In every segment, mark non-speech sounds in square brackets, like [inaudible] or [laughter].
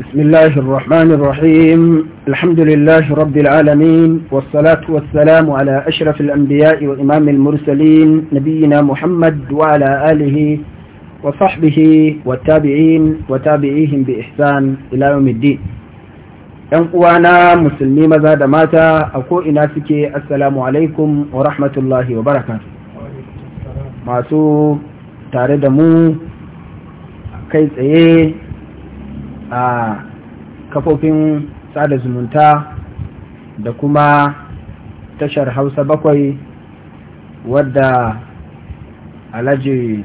بسم الله الرحمن الرحيم الحمد لله رب العالمين والصلاة والسلام على أشرف الأنبياء وإمام المرسلين نبينا محمد وعلى آله وصحبه والتابعين وتابعيهم بإحسان إلى يوم الدين ‘Yan uwana musulmi maza da mata a ko'ina suke Assalamu alaikum wa rahmatullahi wa baraka. Masu tare da mu kai tsaye a kafofin sada zumunta da kuma tashar hausa bakwai wadda alhaji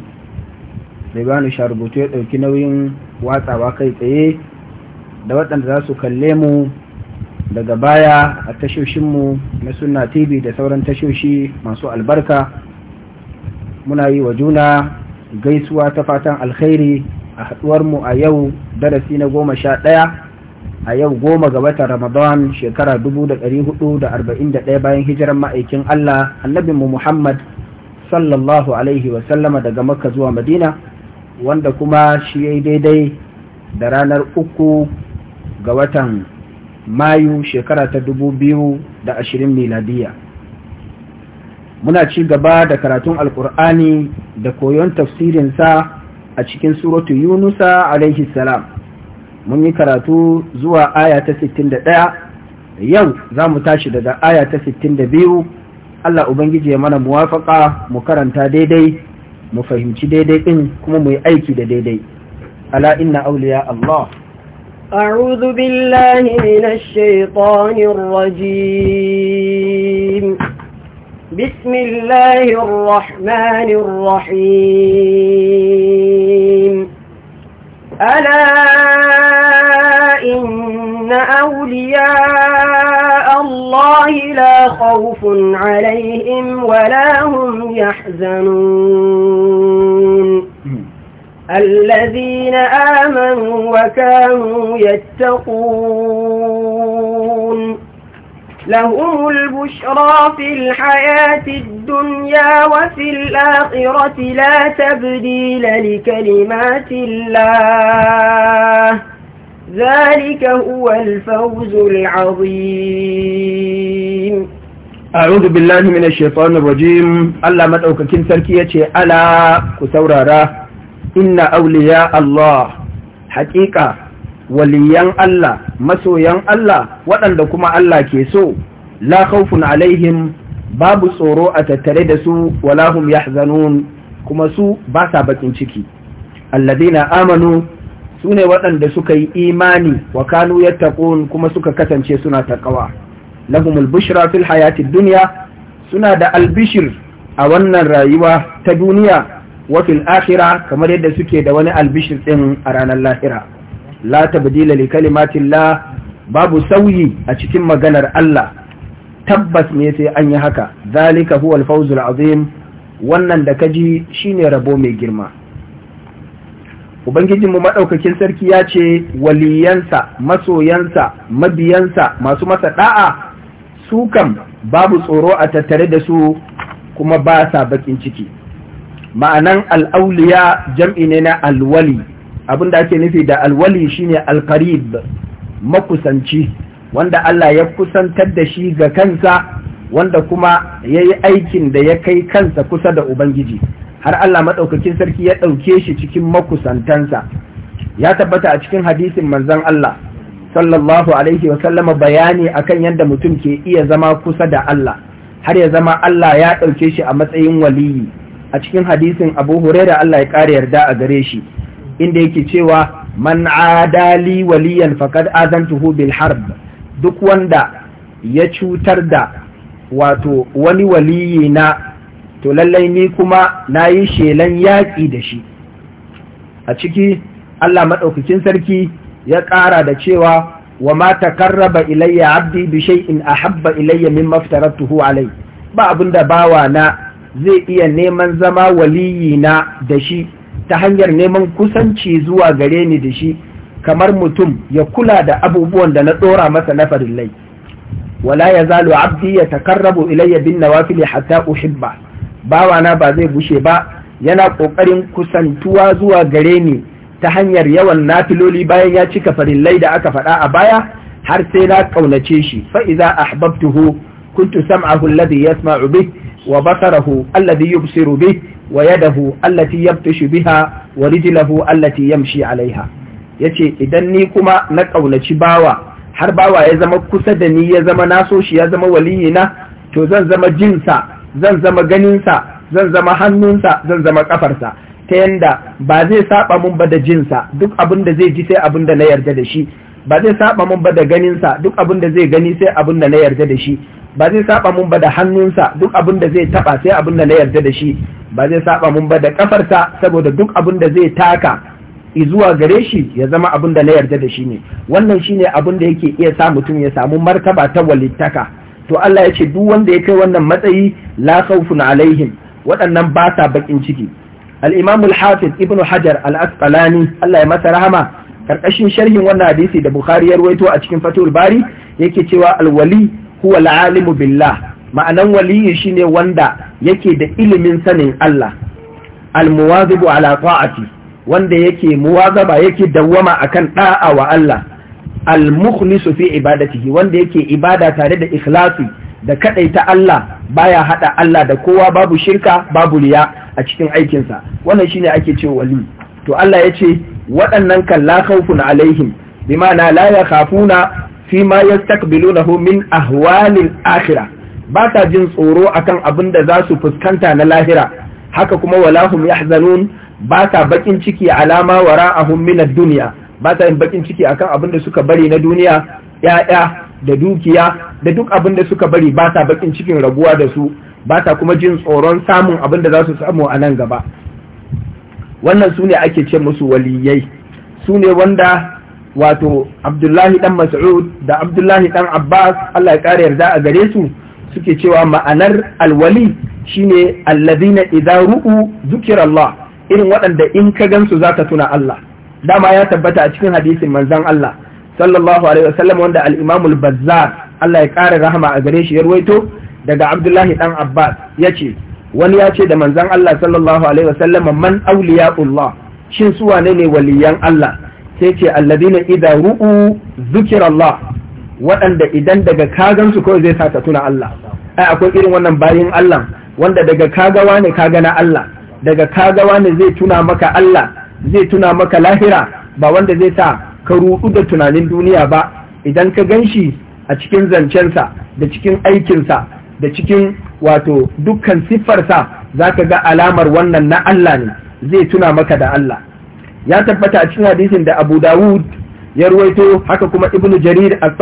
ribanu sharubutu ya dauki nauyin watsawa kai tsaye da waɗanda za su kalle mu daga baya a tashoshinmu na suna tv da sauran tashoshi masu albarka muna yi wa juna gaisuwa ta fatan alkhairi a haɗuwar mu a yau darasi na goma sha ɗaya a yau goma ga watan ramadan shekara dubu da ɗari hudu da arba'in da ɗaya bayan hijirar ma'aikin allah annabinmu muhammad sallallahu alaihi wasallama daga makka zuwa madina wanda kuma shi ya daidai da ranar uku ga watan mayu shekara ta dubu biyu da ashirin miladiya muna ci gaba da karatun alkur'ani da koyon tafsirinsa a cikin suratu yunusa alaihi salam mun yi karatu zuwa aya ta 61 yau za mu tashi daga aya ta 62 Allah Ubangiji ya mana muwafaka mu karanta daidai mu fahimci daidai ɗin, kuma mu yi aiki da daidai ala inna auliya Allah أعوذ بالله من الشيطان الرجيم بسم الله الرحمن الرحيم ألا إن أولياء الله لا خوف عليهم ولا هم يحزنون الذين آمنوا وكانوا يتقون لهم البشرى في الحياة الدنيا وفي الآخرة لا تبديل لكلمات الله ذلك هو الفوز العظيم أعوذ بالله من الشيطان الرجيم ألا مدعوك كم سركية ألا كسورة إن أولياء الله حقيقة waliyan Allah masoyan Allah waɗanda kuma Allah ke so la khawfun alaihim babu tsoro a tattare da su "Walahum yahzanun kuma su ba sa bakin ciki alladina amanu su ne waɗanda suka yi imani wa kanu yattaqun kuma suka kasance suna taqwa lahumul bushra fil hayatid dunya suna da albishir a wannan rayuwa ta duniya wa fil akhirah kamar yadda suke da wani albishir din a ranar lahira la tabdila li kalimatillah babu sauyi a cikin maganar Allah tabbas ne sai an yi haka zalika huwa al wannan da kaji shine rabo mai girma mu maɗaukakin sarki ya ce waliyansa masoyansa mabiyansa masu masa ɗa'a su kam babu tsoro a tattare da su kuma ba sa bakin ciki ma'anan al'auliya jam'i ne na alwali abin da ake nufi da alwali shine alqarib makusanci wanda Allah ya kusantar da shi ga kansa wanda kuma yayi aikin da ya kai kansa kusa da Ubangiji har Allah madaukakin sarki ya ɗauke shi cikin makusantansa ya tabbata a cikin hadisin manzon Allah sallallahu alaihi wa sallama, bayani akan yadda mutum ke iya zama kusa da Allah har ya zama Allah ya ɗauke shi a matsayin waliyi a cikin hadisin Abu Huraira Allah ya kare yarda a gare shi inda yake cewa man adali waliyan faqad azantuhu bil harb duk wanda ya cutar da wato wani waliyi na to lallai ni kuma nayi shelan yaƙi da shi a ciki Allah Madaukakin sarki ya ƙara da cewa wa ma takarraba ilayya abdi bi shay'in ahabba ilayya mimma aftaratuhu alai ba abinda bawa na zai iya neman zama waliyi na da shi ta hanyar neman kusanci zuwa gare ni da shi kamar mutum ya kula da abubuwan da na ɗora masa na farillai wala ya zalo abdi ya takarrabu ilayya bin nawafili hatta uhibba bawana ba zai bushe ba yana ƙoƙarin kusantuwa zuwa gare ni ta hanyar yawan nafiloli bayan ya cika farillai da aka faɗa a baya har sai na ƙaunace shi fa iza ahbabtuhu kuntu sam'ahu alladhi yasma'u bih wa basarahu alladhi yubsiru bih wa yadahu allati yabtashu biha wa rijlahu allati yamshi alaiha yace idan ni kuma na kaunaci bawa har bawa ya zama kusa da ni ya zama naso shi ya zama waliyina to zan zama jinsa zan zama ganinsa zan zama hannunsa zan zama kafarsa ta yanda ba zai saba mun ba da jinsa duk abin da zai ji sai abin da na yarda da shi ba zai saba mun ba da ganinsa duk abin da zai gani sai abin da na yarda da shi ba zai saba mun ba da hannunsa duk abin da zai taba sai abin da na yarda da shi ba zai saba mun ba da kafarta saboda duk abin da zai taka zuwa gare shi ya zama abin da na yarda da shi ne wannan shine abin da yake iya sa mutum ya samu martaba ta walittaka to Allah ya ce duk wanda ya kai wannan matsayi la khawfun alaihim waɗannan ba sa bakin ciki al-imam al-hafiz ibnu hajar al-asqalani Allah ya masa rahama karkashin sharhin wannan hadisi da bukhari ya a cikin fatul bari yake cewa al-wali huwa al-alimu billah ma'anan waliyi shine wanda yake da ilimin sanin Allah almuwazibu ala ta'ati wanda yake muwazaba yake dawwama akan da'a wa Allah almukhlisu fi ibadatihi wanda yake ibada tare da ikhlasi da kadaita Allah baya hada Allah da kowa babu shirka babu riya a cikin aikinsa wannan shine ake cewa wali to Allah yace waɗannan kan la khawfun alaihim bima la yakhafuna fima ma min ahwalil akhirah ba ta jin tsoro akan abin da za su fuskanta na lahira haka kuma walahum yahzanun ba ta bakin ciki alama wara'ahum min ad-dunya ba ta yin bakin ciki akan abin da suka bari na duniya ya'ya da dukiya da duk abin da suka bari ba ta bakin cikin raguwa da su ba ta kuma jin tsoron samun abin da za su samu a nan gaba wannan su ne ake ce musu waliyai su ne wanda wato abdullahi dan mas'ud da abdullahi dan abbas allah ya kare yarda a gare su suke cewa ma'anar alwali shine allazina idza ru'u zikrallah irin waɗanda in ka gansu zaka tuna Allah dama ya tabbata a cikin hadisin manzon Allah sallallahu alaihi wasallam wanda al-Imam al-Bazzar Allah ya ƙara rahama a gare shi ya ruwaito daga Abdullahi dan Abbas yace wani ya ce da manzon Allah sallallahu alaihi wasallam man awliyaullah shin su wane ne waliyan Allah sai ce allazina idza ru'u zukirallah. waɗanda idan daga kagan su kawai zai sa ka tuna Allah ai akwai irin wannan bayin Allah wanda daga kagawa ne kaga na Allah daga kagawa ne zai tuna maka Allah zai tuna maka lahira ba wanda zai sa ka rudu da tunanin duniya ba idan ka ganshi a cikin zancensa da cikin aikinsa da cikin wato dukkan siffarsa za ka ga alamar wannan na Allah ne zai tuna maka da Allah ya tabbata a cikin hadisin da Abu Dawud ya ruwaito haka kuma ibn jarir as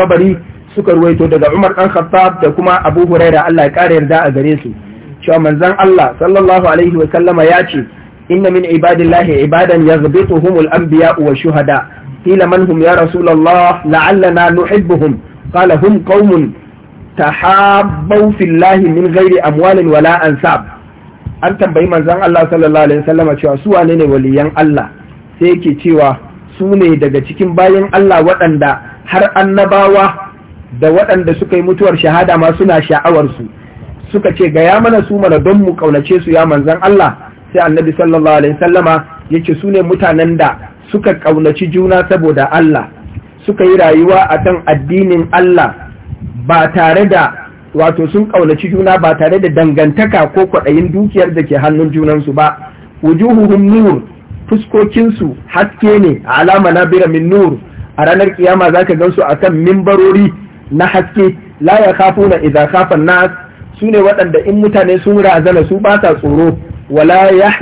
suka ruwaito daga umar dan khattab da kuma abu huraira Allah ya kare yarda a gare su cewa manzon Allah sallallahu alaihi wa sallama ya ce inna min ibadillahi ibadan yaghbituhumul anbiya wa shuhada qila man hum ya rasulullah la'allana nuhibbuhum qala hum qaumun tahabbu fillahi min ghairi amwalin wala ansab an tambayi manzon Allah sallallahu alaihi wa sallama cewa su wane ne waliyan Allah sai yake cewa su ne daga cikin bayan Allah waɗanda har annabawa da waɗanda suka yi mutuwar shahada ma suna sha'awarsu suka ce gaya mana su mana don mu ƙaunace su ya manzan Allah sai annabi sallallahu alaihi sallama ya ce su ne mutanen da suka ƙaunaci juna saboda Allah suka yi rayuwa a kan addinin Allah ba tare da wato sun ƙaunaci juna ba tare da dangantaka ko kwaɗayin dukiyar da ke hannun junansu ba wujuhuhum nur fuskokinsu haske ne a alama na bira min nur a ranar kiyama za ka gansu a kan mimbarori na haske la ya kafu na idza kafan nas su ne waɗanda in mutane sun razana su ba sa tsoro wala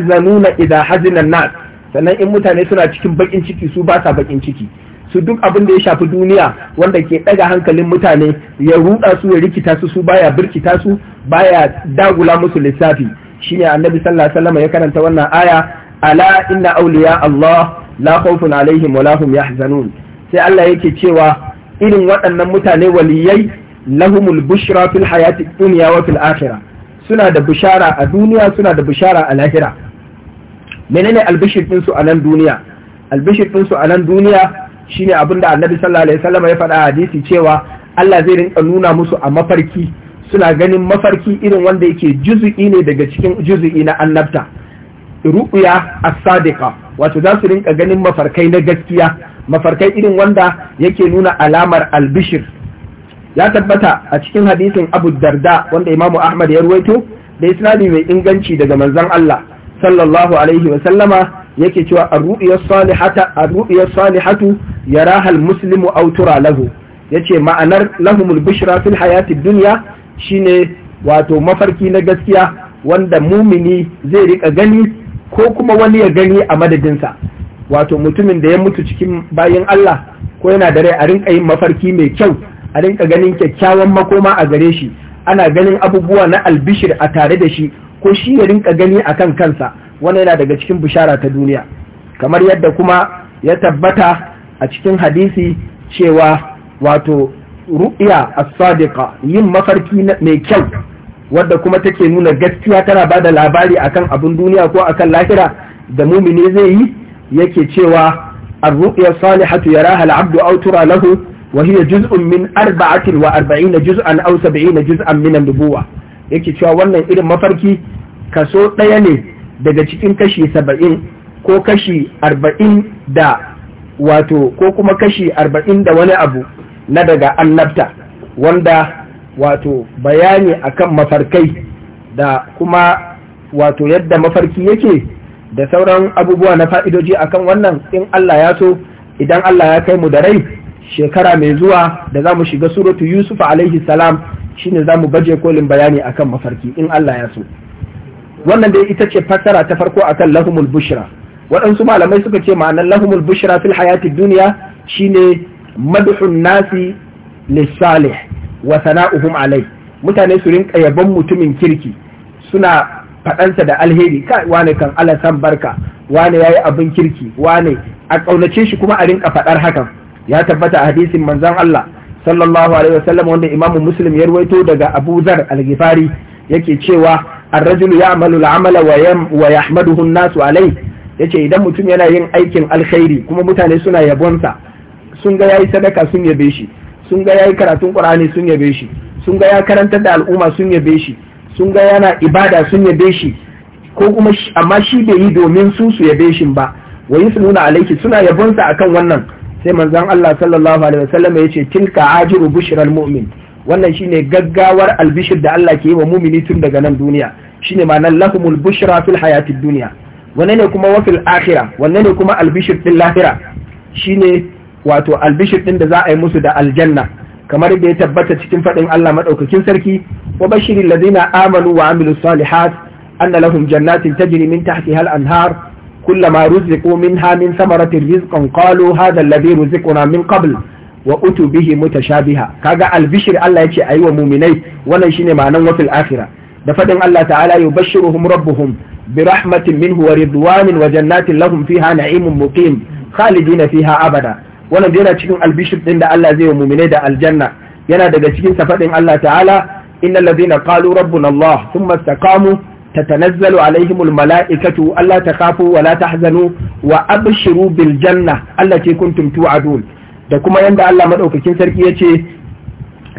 zanuna iza hazinan nas sannan in mutane suna cikin baƙin ciki su ba sa bakin ciki su duk abin da ya shafi duniya wanda ke ɗaga hankalin mutane ya ruɗa su ya rikita su su baya birkita su baya dagula musu lissafi shine annabi sallallahu alaihi wasallam ya karanta wannan aya ala inna awliya Allah la khawfun alaihim wa lahum yahzanun sai Allah yake cewa irin waɗannan mutane waliyai lahumul bushra fil hayati dunya wa fil suna da bushara a duniya suna da bushara a lahira menene albishir ɗinsu su a nan duniya albishir din a nan duniya shine abinda Annabi sallallahu alaihi ya faɗa a hadisi cewa Allah zai rinka nuna musu a mafarki suna ganin mafarki irin wanda yake juzu'i ne daga cikin juzu'i na annabta ru'ya a sadiqa wato za su rinka ganin mafarkai na gaskiya mafarkai irin wanda yake nuna alamar albishir ya tabbata a cikin hadisin Abu Darda wanda imamu Ahmad ya ruwaito da isnadi mai inganci daga manzon Allah sallallahu alaihi wa sallama yake cewa ar-ru'ya as-salihata ar salihatu ya rahal muslimu autura lahu ya ce ma'anar lahumul bushra fil hayati duniya shine wato mafarki na gaskiya wanda mumini zai rika gani ko kuma wani ya gani a madadinsa wato mutumin da ya mutu cikin bayan Allah ko yana da rai a rinka yin mafarki mai kyau a rinka ganin kyakkyawan makoma a gare shi ana ganin abubuwa na albishir a tare da shi ko shi ya rinka gani a kan kansa wani yana daga cikin bishara ta duniya kamar yadda kuma ya tabbata a cikin hadisi cewa wato ru'ya as-sadiqa yin mafarki mai kyau wadda kuma take nuna gaskiya tana bada labari akan abin duniya ko akan lahira da mumini zai yi yake cewa ar-ru'ya salihatu yaraha al-'abdu aw tura lahu wa hiya min arba'atin wa arba'ina juz'an aw sab'ina juz'an min an-nubuwa yake cewa wannan irin mafarki kaso ɗaya ne daga cikin kashi saba'in ko kashi arba'in wato ko kashi arba'in da wani abu na daga annabta wanda wato bayani akan mafarkai da kuma wato yadda mafarki yake da sauran abubuwa na fa'idoji akan wannan in Allah ya so idan Allah ya kai mu da rai shekara mai zuwa da za mu shiga suratu Yusuf alaihi salam shine za mu baje kolin bayani akan mafarki in Allah ya so wannan dai ita ce fassara ta farko akan lahumul bushra waɗansu malamai suka ce ma'anar lahumul bushra fil hayati duniya shine madhun nasi lissalih wa sana'uhum alai mutane su rinka yabon mutumin kirki suna faɗansa da alheri kai wane kan Allah san barka wane yayi abin kirki wane a kaunace shi kuma a rinka faɗar hakan ya tabbata a hadisin manzon Allah sallallahu alaihi wasallam wanda imamu muslim ya ruwaito daga abu zar al-ghifari yake cewa ar-rajulu ya'malu al-amala wa yam wa yahmaduhu an-nasu alai yace idan mutum yana yin aikin alkhairi kuma mutane suna yabonsa sun ga yayi sadaka sun yabe shi sun ga yi karatun qur'ani sun yabe shi sun ga ya karantar da al'umma sun yabe shi sun ga yana ibada sun yabe shi ko kuma amma shi bai yi domin su su yabe shi ba wa nuna alaiki suna yabonsa akan wannan sai manzon Allah sallallahu alaihi wasallam ya ce tilka ajiru bushral mu'min wannan shine gaggawar albishir da Allah ke yi wa mumini tun daga nan duniya shine ma'anar lahumul bushra fil hayatid Duniya. wanne ne kuma wafil akhirah wanne ne kuma albishir fil lahira shine wato albishir ɗin da za a yi musu da aljanna kamar da tabbatar cikin faɗin Allah maɗaukakin sarki wa bashirin ladina amanu wa amilu salihat anna lahum jannatin tajri min tahtiha al-anhar kullama ruziqu minha min thamaratin rizqan qalu hadha alladhi ruziquna min qabl wa utu bihi mutashabiha kaga albishir Allah yace yi wa mu'minai wannan shine ma'anar wa fil akhirah da faɗin Allah ta'ala yubashshiruhum rabbuhum برحمة منه ورضوان وجنات لهم فيها نعيم مقيم خالدين فيها abada. wannan yana cikin albishir din da Allah zai yi mu'mine da aljanna yana daga cikin safadin Allah ta'ala innal ladina qalu rabbuna Allah thumma istaqamu tatanazzalu alaihimul mala'ikatu alla takhafu wa la tahzanu wa abshiru bil janna allati kuntum tu'adun da kuma yanda Allah madaukakin sarki yace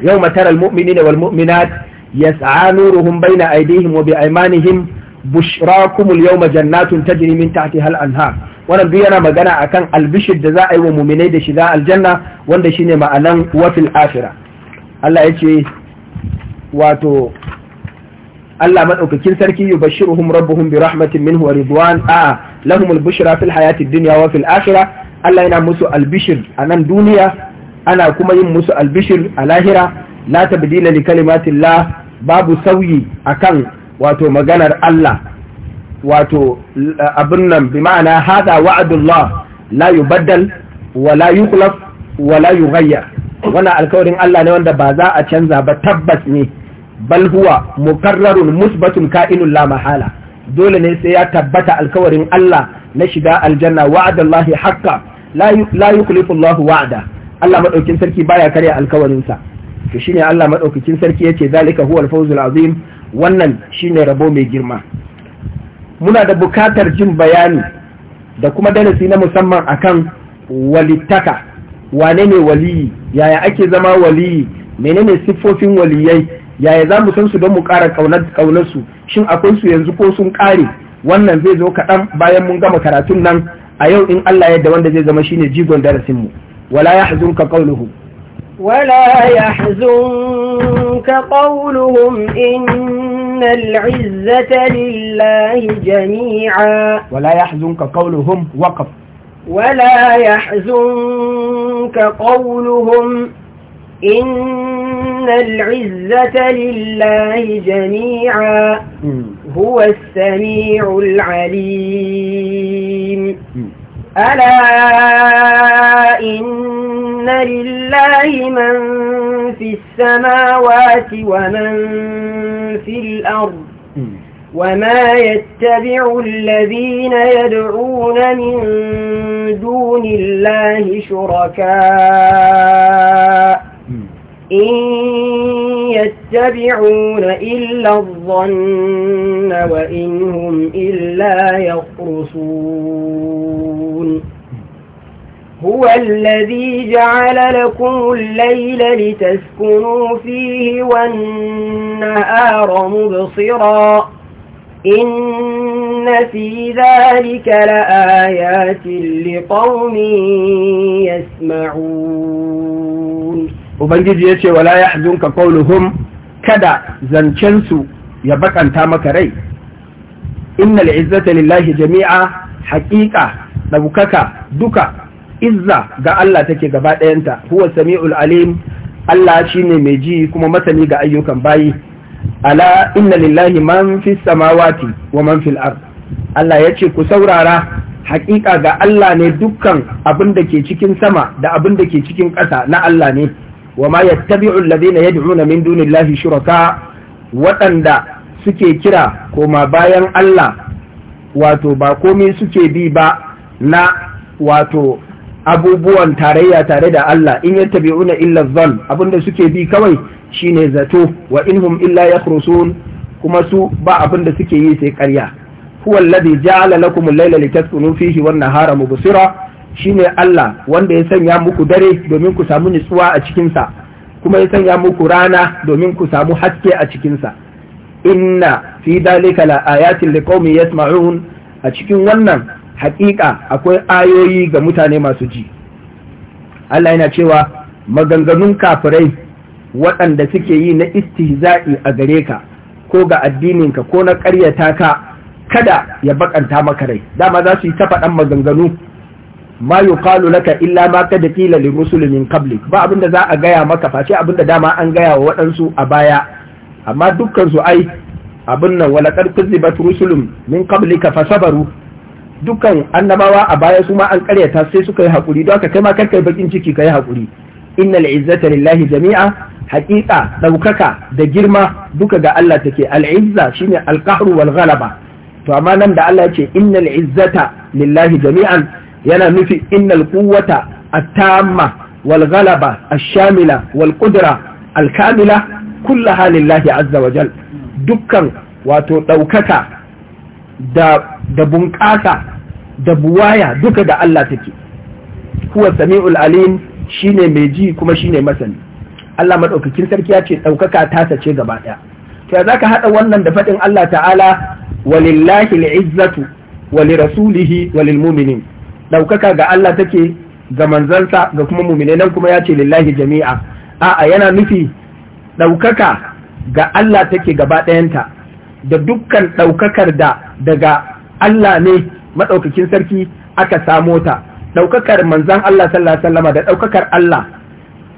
yawma taral mu'minina wal mu'minat yas'a nuruhum bayna aydihim wa bi aymanihim bushrakumul yawma jannatun tajri min tahtiha al-anhar wannan duk yana magana akan albishir da za a yi wa muminai da shiga aljanna wanda shine ma'anan wafil akhira Allah yace wato Allah madaukakin sarki yubashshiruhum rabbuhum bi rahmatin minhu wa ridwan a lahumul bushra fil hayatid dunya wa fil akhirah Allah yana musu albishir a nan duniya ana kuma yin musu albishir a lahira la tabdila li kalimatillah babu sauyi akan wato maganar Allah wato eh, abin nan bi ma'ana hada wa'adullah la yubaddal wa la yuqlaf wa la yughayyar alkawarin Allah ne wanda ba za a canza ba tabbas ne bal huwa mukarrarun musbatun ka'inun la mahala dole ne sai ya tabbata alkawarin Allah na shiga aljanna wa'adallahi haqqan la yukhlifu Allah wa'ada Allah madaukin sarki baya karya alkawarinsa to shine Allah madaukakin sarki yace zalika huwal fawzul azim wannan shine rabo mai girma muna da bukatar jin bayani da kuma darasi na musamman akan walittaka wane ne waliyi yaya ake zama waliyi menene siffofin waliyai yaya za mu san su don mu ƙara ƙaunarsu shin akwai su yanzu ko sun ƙare wannan zai zo kaɗan bayan mun gama karatun nan a yau in Allah yadda wanda zai zama shine jigon darasin mu. wala yahzunka qawluhu ولا يحزنك قولهم إن العزة لله جميعا ولا يحزنك قولهم وقف ولا يحزنك قولهم إن العزة لله جميعا هو السميع العليم ألا إن إن لله من في السماوات ومن في الأرض وما يتبع الذين يدعون من دون الله شركاء إن يتبعون إلا الظن وإن هم إلا يخرصون هو الذي جعل لكم الليل لتسكنوا فيه والنهار مبصرا إن في ذلك لآيات لقوم يسمعون وبنجي يتي ولا يحزنك قولهم كدا zancensu يبقى انت مكري إن العزة لله جميعا حقيقة haqiqa dabukaka دكا izza ga Allah take gaba ɗayanta huwa sami'ul alim Allah shine mai ji kuma masani ga ayyukan bayi ala inna lillahi man fis samawati wa man fil ard Allah ce ku saurara hakika ga Allah ne dukkan abin da ke cikin sama da abin da ke cikin ƙasa na Allah ne wa ma yattabi'u alladhina yad'una min dunillahi shuraka waɗanda suke kira koma bayan Allah wato ba komai suke bi ba na wato abubuwan tarayya tare da Allah in una illa abin abinda suke bi kawai shine zato wa inhum illa yakhrusun kuma su ba abinda suke yi sai karya. huwa alladhi ja'ala lakum al-layla litaskunu fihi wan-nahara mubsira shine Allah wanda ya sanya muku dare domin ku samu nutsuwa a cikin sa kuma ya sanya muku rana domin ku samu haske a cikin sa inna fi dhalika la ayatin liqaumin yasma'un a cikin wannan haƙiƙa akwai ayoyi ga mutane masu ji Allah yana cewa maganganun kafirai waɗanda suke yi na istihza'i a gare ka ko ga addininka ko na ƙaryata ka kada ya baƙanta maka rai dama za su yi ta faɗan maganganu ma yuqalu laka illa ma kada qila li rusulin qablik ba abinda za a gaya maka face abinda dama an gaya wa waɗansu a baya amma dukkan su ai abin nan wala qad musulmin rusulun min qablika fasabaru dukkan annabawa a baya su ma an karyata sai suka yi hakuri don ka kai ma karkai bakin ciki ka yi hakuri innal izzata lillahi jami'a haƙiƙa ɗaukaka da girma duka ga Allah take al shine al qahru wal ghalaba to amma nan da Allah yace innal izzata lillahi jami'an yana nufi innal kuwata at wal ghalaba ash-shamila wal qudra al kamila kullaha lillahi azza wa dukkan wato ɗaukaka da da bunƙasa da buwaya duka da Allah take kuwa sami'ul alim shine mai ji kuma shine masani Allah madaukakin sarki ya ce daukaka ta sace gaba daya to ya zaka hada wannan da faɗin Allah ta'ala walillahi al'izzatu walirasulihi mu'minin daukaka ga Allah take ga manzansa ga kuma mu'minai nan kuma ya ce lillahi jami'a a'a yana nufi Ɗaukaka ga Allah take gaba dayanta da dukkan ɗaukakar da daga Allah ne madaukakin sarki aka samo ta daukakar manzan Allah sallallahu alaihi wasallam da daukakar Allah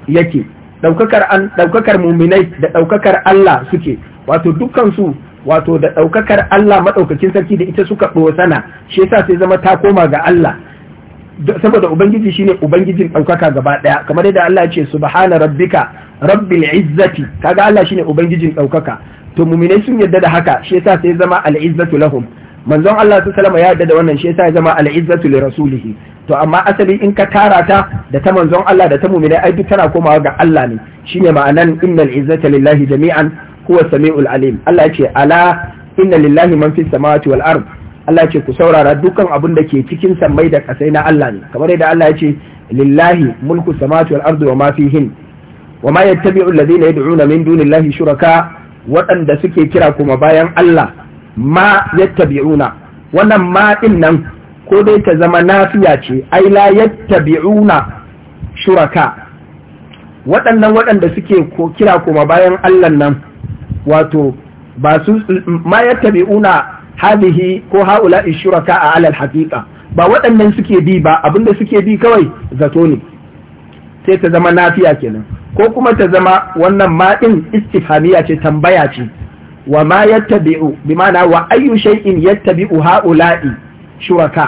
yake daukakar an daukakar muminai da daukakar Allah suke wato dukkan su wato da daukakar Allah madaukakin sarki da ita suka dosana shi yasa sai zama ta koma ga Allah saboda ubangiji shine ubangijin daukaka gaba daya kamar yadda Allah ya ce subhana rabbika rabbil izzati kaga Allah shine ubangijin daukaka to muminai sun yadda da haka shi yasa sai zama al izzatu lahum manzon Allah su salama ya yarda da wannan shi yasa ya zama al'izzatu li rasulihi to amma asali in ka tara ta da ta manzon Allah da ta mu'mina ai duk tana komawa ga Allah ne shine ma'anan innal izzata lillahi jami'an huwa samiul alim Allah yace ala inna lillahi man fis samawati wal ard Allah yace ku saurara dukkan abin da ke cikin sammai da kasai na Allah ne kamar yadda Allah yace, lillahi mulku samawati wal ard wa ma fihin wa ma yattabi'u alladhina yad'una min dunillahi shuraka waɗanda suke kira kuma bayan Allah ma yattabi'una wannan ma din nan ko dai ta zama nafiya ce ai la yattabi'una shuraka waɗannan waɗanda suke kira kuma bayan Allah nan wato ba su ma yattabi'una hadihi ko haula shuraka a alal haqiqa ba waɗannan suke bi ba abinda suke bi kawai zato ne sai ta zama nafiya kenan ko kuma ta zama wannan ma din istifhamiya ce tambaya ce wa ma yattabi'u bi ma'ana wa ayyu shay'in yattabi'u ha'ula'i shuraka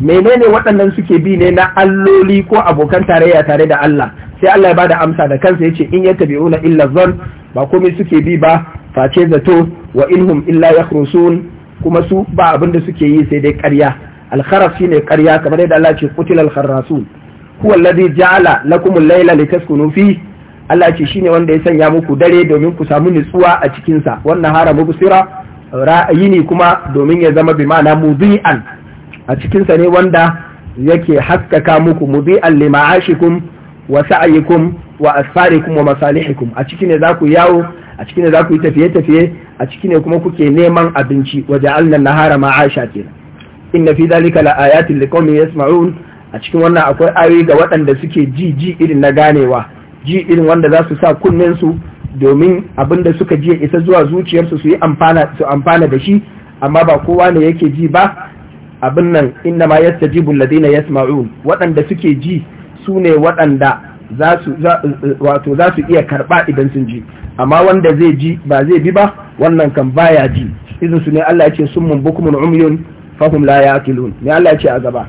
menene waɗannan suke bi ne na alloli ko abokan tarayya tare da Allah sai Allah ya bada amsa da kansa yace in yattabi'una illa zan ba komai suke bi ba face zato wa inhum illa yakhrusun kuma su ba abin da suke yi sai dai ƙarya al shine ƙarya kamar yadda Allah ce qutil al-kharasun huwa alladhi ja'ala lakum al-layla litaskunu fihi Allah ce shine wanda ya sanya muku dare domin ku samu nutsuwa a cikinsa wannan hara mubsira ra'ayi ne kuma domin ya zama bi ma'ana mudhi'an a cikinsa ne wanda yake haskaka muku mudhi'an li ma'ashikum wa sa'yikum wa asfarikum wa masalihikum a ciki ne za ku yawo a ciki ne za ku yi tafiye-tafiye a ciki ne kuma kuke neman abinci waje allan nahara ma'asha kenan inna fi zalika la ayatin liqawmin yasma'un a cikin wannan akwai ayoyi ga waɗanda suke ji ji irin na ganewa ji irin wanda za su sa kunnen domin abin da suka ji isa zuwa zuciyarsu su yi amfana da shi amma ba kowa ne yake ji ba abin nan inna ma yasta yastajibu yas yasma'un waɗanda suke ji su ne waɗanda za su wato za iya karɓa idan sun ji amma wanda zai ji ba zai bi ba wannan kan baya ji izinsu ne Allah ya ce summun bukumun umyun fahum la yaqilun ne Allah ya ce a gaba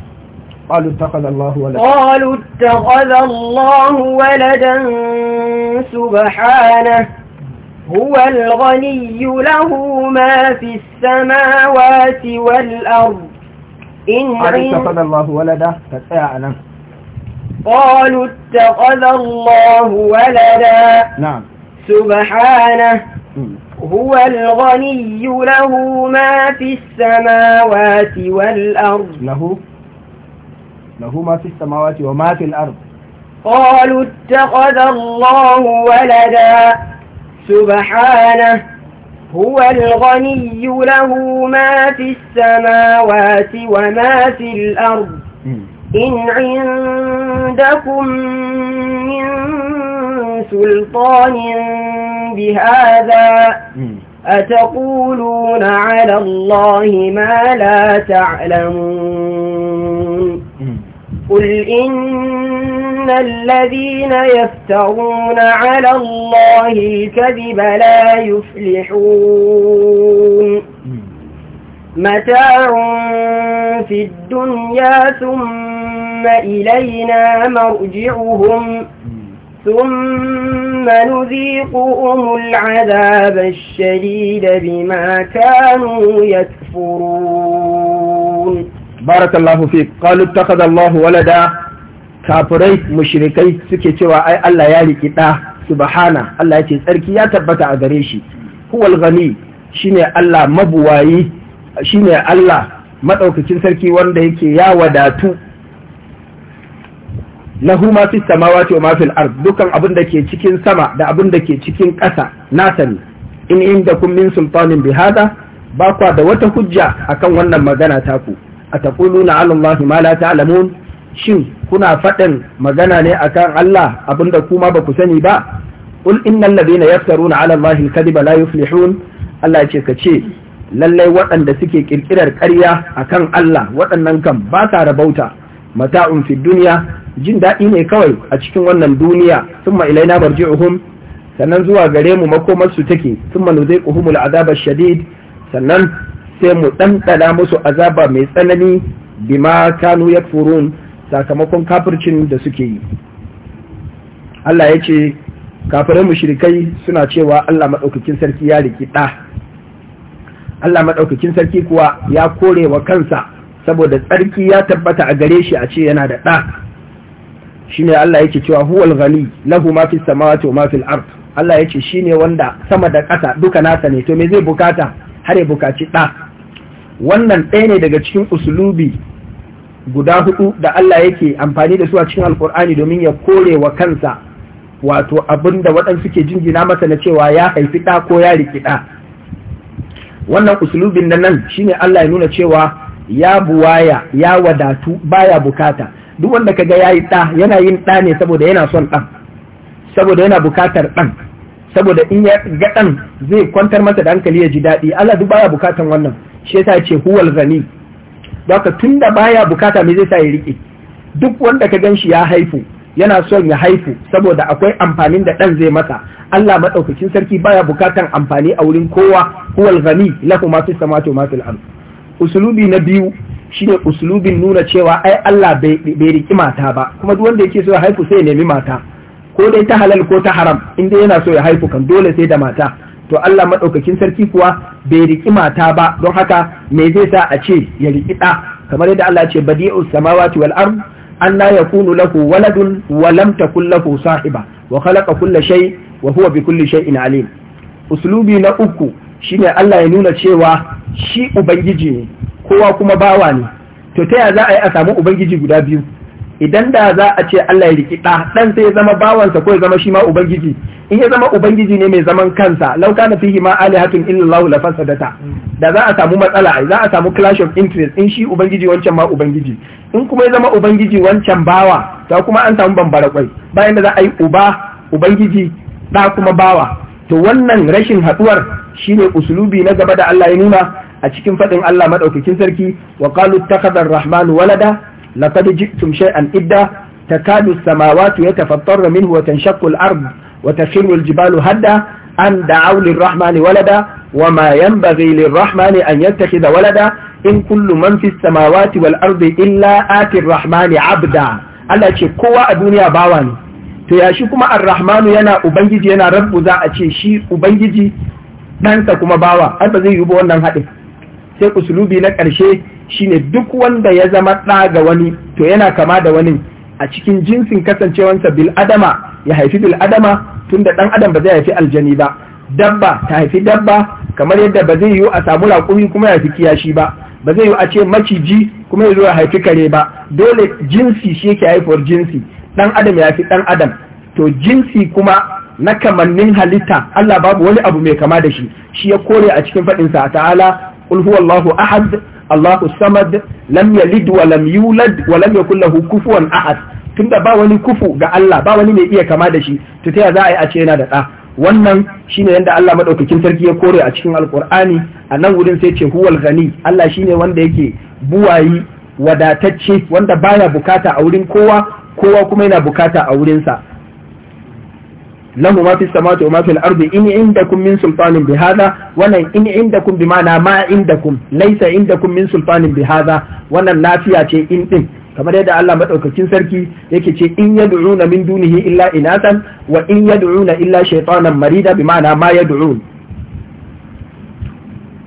قالوا اتخذ الله ولدا قالوا اتخذ الله ولدا سبحانه هو الغني له ما في السماوات والأرض إن قالوا اتخذ الله ولدا فتاعنا قالوا اتخذ الله ولدا نعم سبحانه هو الغني له ما في السماوات والأرض له له ما في السماوات وما في الأرض قالوا اتخذ الله ولدا سبحانه هو الغني له ما في السماوات وما في الأرض إن عندكم من سلطان بهذا أتقولون على الله ما لا تعلمون قل إن الذين يفترون على الله الكذب لا يفلحون متاع في الدنيا ثم إلينا مرجعهم ثم نذيقهم العذاب الشديد بما كانوا يكفرون barakallahu fi qalu takhadha Allah walada kafirai mushrikai suke cewa ai Allah ya riki da subhana Allah yace tsarki ya tabbata a gare shi huwal ghani shine Allah mabuwayi shine Allah madaukakin sarki wanda yake ya wadatu lahu ma fi samawati wa ma fil ard dukan abin da ke cikin sama da abin da ke cikin ƙasa nasa ne in inda kun min sultanin bihada bakwa da wata hujja akan wannan magana taku a taquluna na allahi ma la ta'lamun shin kuna faɗin magana ne akan Allah abinda kuma ba ku sani ba qul innal ladina yaftaruna ala allahi al-kadhiba la yuflihun Allah ce ka ce lallai waɗanda suke kirkirar ƙarya akan Allah waɗannan kan ba sa rabauta mata'un fi duniya jin daɗi ne kawai a cikin wannan duniya thumma ilaina marji'uhum sannan zuwa gare mu makomarsu take thumma nuziquhumul azaba shadid sannan sai mu ɗanɗana musu azaba mai tsanani bima kanu furun, sakamakon kafircin da suke yi Allah ya ce kafirai mushrikai suna cewa Allah Maɗaukakin sarki ya riki ɗa Allah Maɗaukakin sarki kuwa ya kore wa kansa saboda tsarki ya tabbata a gare shi a ce yana da ɗa ne Allah yake cewa huwal gani, lahu ma sama, samawati wa ma fil ard Allah yake shine wanda sama da ƙasa duka nasa ne to me zai bukata har ya bukaci ɗa wannan ɗaya ne daga cikin usulubi guda hudu da Allah yake amfani da su a cikin alkur'ani domin ya kore wa kansa wato abin da waɗansu ke jingina masa na cewa ya haifi ɗa ko ya riki ɗa wannan usulubin na nan shine Allah ya nuna cewa ya buwaya ya wadatu baya bukata duk wanda kaga ya yi ɗa yana yin ɗa ne saboda yana son ɗan saboda yana bukatar ɗan saboda in ya ga ɗan zai kwantar masa da hankali ya ji daɗi Allah duk baya bukatan wannan shi ta ce huwal gani baka da baya bukata me zai sa ya rike duk wanda ka gan shi ya haifu yana son ya haifu saboda akwai amfanin da ɗan zai masa Allah madaukakin sarki baya bukatan amfani a wurin kowa huwal gani lahu ma fi samawati ma fil ard usulubi na biyu shine uslubin nuna cewa ai Allah bai riki mata ba kuma duk wanda yake so ya haifu sai ya nemi mata ko dai ta halal ko ta haram inda yana so ya haifu kan dole sai da mata to Allah maɗaukakin sarki kuwa bai riƙi mata ba don haka me zai sa a ce ya riƙi ɗa kamar yadda Allah ce badi'us samawati wal ard la yakunu lahu waladun wa lam takul lahu sahiba wa khalaqa kulla shay wa huwa bi kulli shay'in alim uslubi na uku shine Allah ya nuna cewa shi ubangiji ne kowa kuma bawa ne to ta ya za a yi a samu ubangiji guda biyu idan da za a ce Allah ya riki ɗa ɗan sai ya zama bawansa ko ya zama shi ma ubangiji in ya zama ubangiji ne mai zaman kansa lauka na fihi ma alihatun illallahu la fasadata da za a samu matsala ai za a samu clash of interest in shi ubangiji wancan ma ubangiji in kuma ya zama ubangiji wancan bawa to kuma an samu bambara kwai bayan da za a yi uba ubangiji ɗa kuma bawa to wannan rashin haɗuwar shine usulubi na gaba da Allah ya nuna a cikin faɗin Allah madaukakin sarki wa qalu ittakhadha ar-rahmanu walada laqad shai an idda takadu as-samawati yatafattarna minhu wa tanshaqqu al-ard wa tashiru al-jibalu hadda an da'aw lir-rahmani walada وما ينبغي للرحمن أن da walada in kullu man samawatu wal ardi illa atir rahmani abda Allah ce kowa a duniya bawa ne to ya shi kuma ar-rahmanu yana ubangiji yana rabbu za a ce shi ubangiji ɗansa kuma bawa har ba zai yi ba wannan haɗin sai usulubi na karshe. shine duk wanda ya zama ɗa ga wani to yana kama da wani a cikin jinsin kasancewansa bil'adama, ya haifi bil'adama. adama tunda ɗan adam ba zai haifi aljani ba dabba ta haifi dabba kamar yadda ba zai yiwu a samu laƙumi kuma ya haifi kiyashi ba ba zai yiwu a ce maciji kuma ya zo ya haifi kare ba dole jinsi shi yake haifuwar jinsi ɗan adam ya fi ɗan adam to jinsi kuma na kamannin halitta Allah babu wani abu mai kama da shi shi ya kore a cikin faɗinsa ta'ala qul huwallahu ahad Allahu samad lam yalid wa lam yulad wa lam yakul lahu kufuwan ahad tunda ba wani kufu ga Allah ba wani mai iya kama da shi to ta za a yi a ce yana da ɗa wannan shine yanda Allah madaukakin sarki ya kore a cikin alkur'ani a nan wurin sai ce huwal gani Allah shine wanda yake buwayi wadatacce wanda baya bukata a wurin kowa kowa kuma yana bukata a wurinsa lahu ma fi samawati wa ma fil ardi in indakum min sultanin bi hadha wannan in indakum bi ma'ana ma indakum laysa indakum min sultanin bi hadha wannan lafiya ce in din kamar yadda Allah madaukakin sarki yake ce in yad'una min dunihi illa inatan wa in yad'una illa shaytanan marida bi ma'ana ma yad'un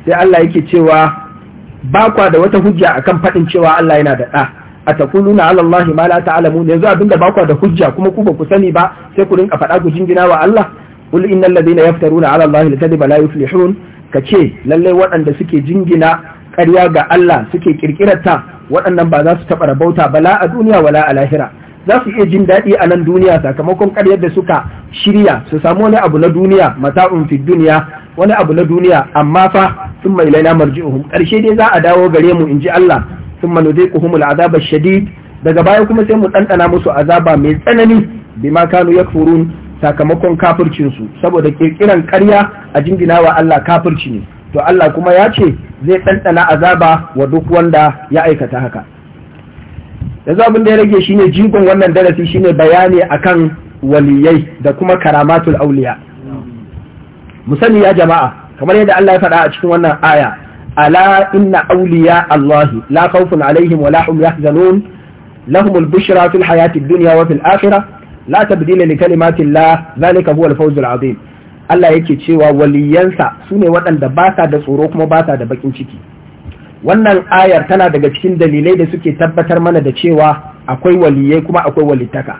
sai Allah yake cewa ba kwa da wata hujja akan faɗin cewa Allah yana da ɗa atakuluna ala Allah ma la ta'lamun yanzu abinda ba bakwa da hujja kuma ku ba ku sani ba sai ku rinka faɗa ku jingina wa Allah qul innal ladina yaftaruna ala Allah al-kadhiba la yuflihun kace lalle waɗanda suke jingina ƙarya ga Allah suke ta waɗannan ba za su taɓa rabauta ba la a duniya wala a lahira za su iya jin daɗi a nan duniya sakamakon ƙaryar da suka shirya su samu wani abu na duniya mata fi duniya wani abu na duniya amma fa sun mai laina marji'uhum ƙarshe dai za a dawo gare mu in ji Allah thumma nudhiquhum al'adaba ash-shadid daga baya kuma sai mu ɗanɗana musu azaba mai tsanani bima kanu yakfurun sakamakon kafircin saboda ƙirƙiran ƙarya a jingina wa Allah kafirci ne to Allah kuma ya ce zai ɗanɗana azaba wa duk wanda ya aikata haka yanzu abin da ya rage shine jigon wannan darasi shine bayani akan waliyai da kuma karamatul auliya mu sani ya jama'a kamar yadda Allah ya faɗa a cikin wannan aya ala inna auliya Allahu la khawfun alaihim wa la hum yahzanun fil hayati duniya dunya wa fil akhirah la tabdila li kalimati allah zalika huwa al-fawz al-azim Allah yake cewa waliyansa sune waɗanda ba sa da tsoro kuma ba sa da bakin ciki wannan ayar tana daga cikin dalilai da suke tabbatar mana da cewa akwai waliyai kuma akwai walitaka.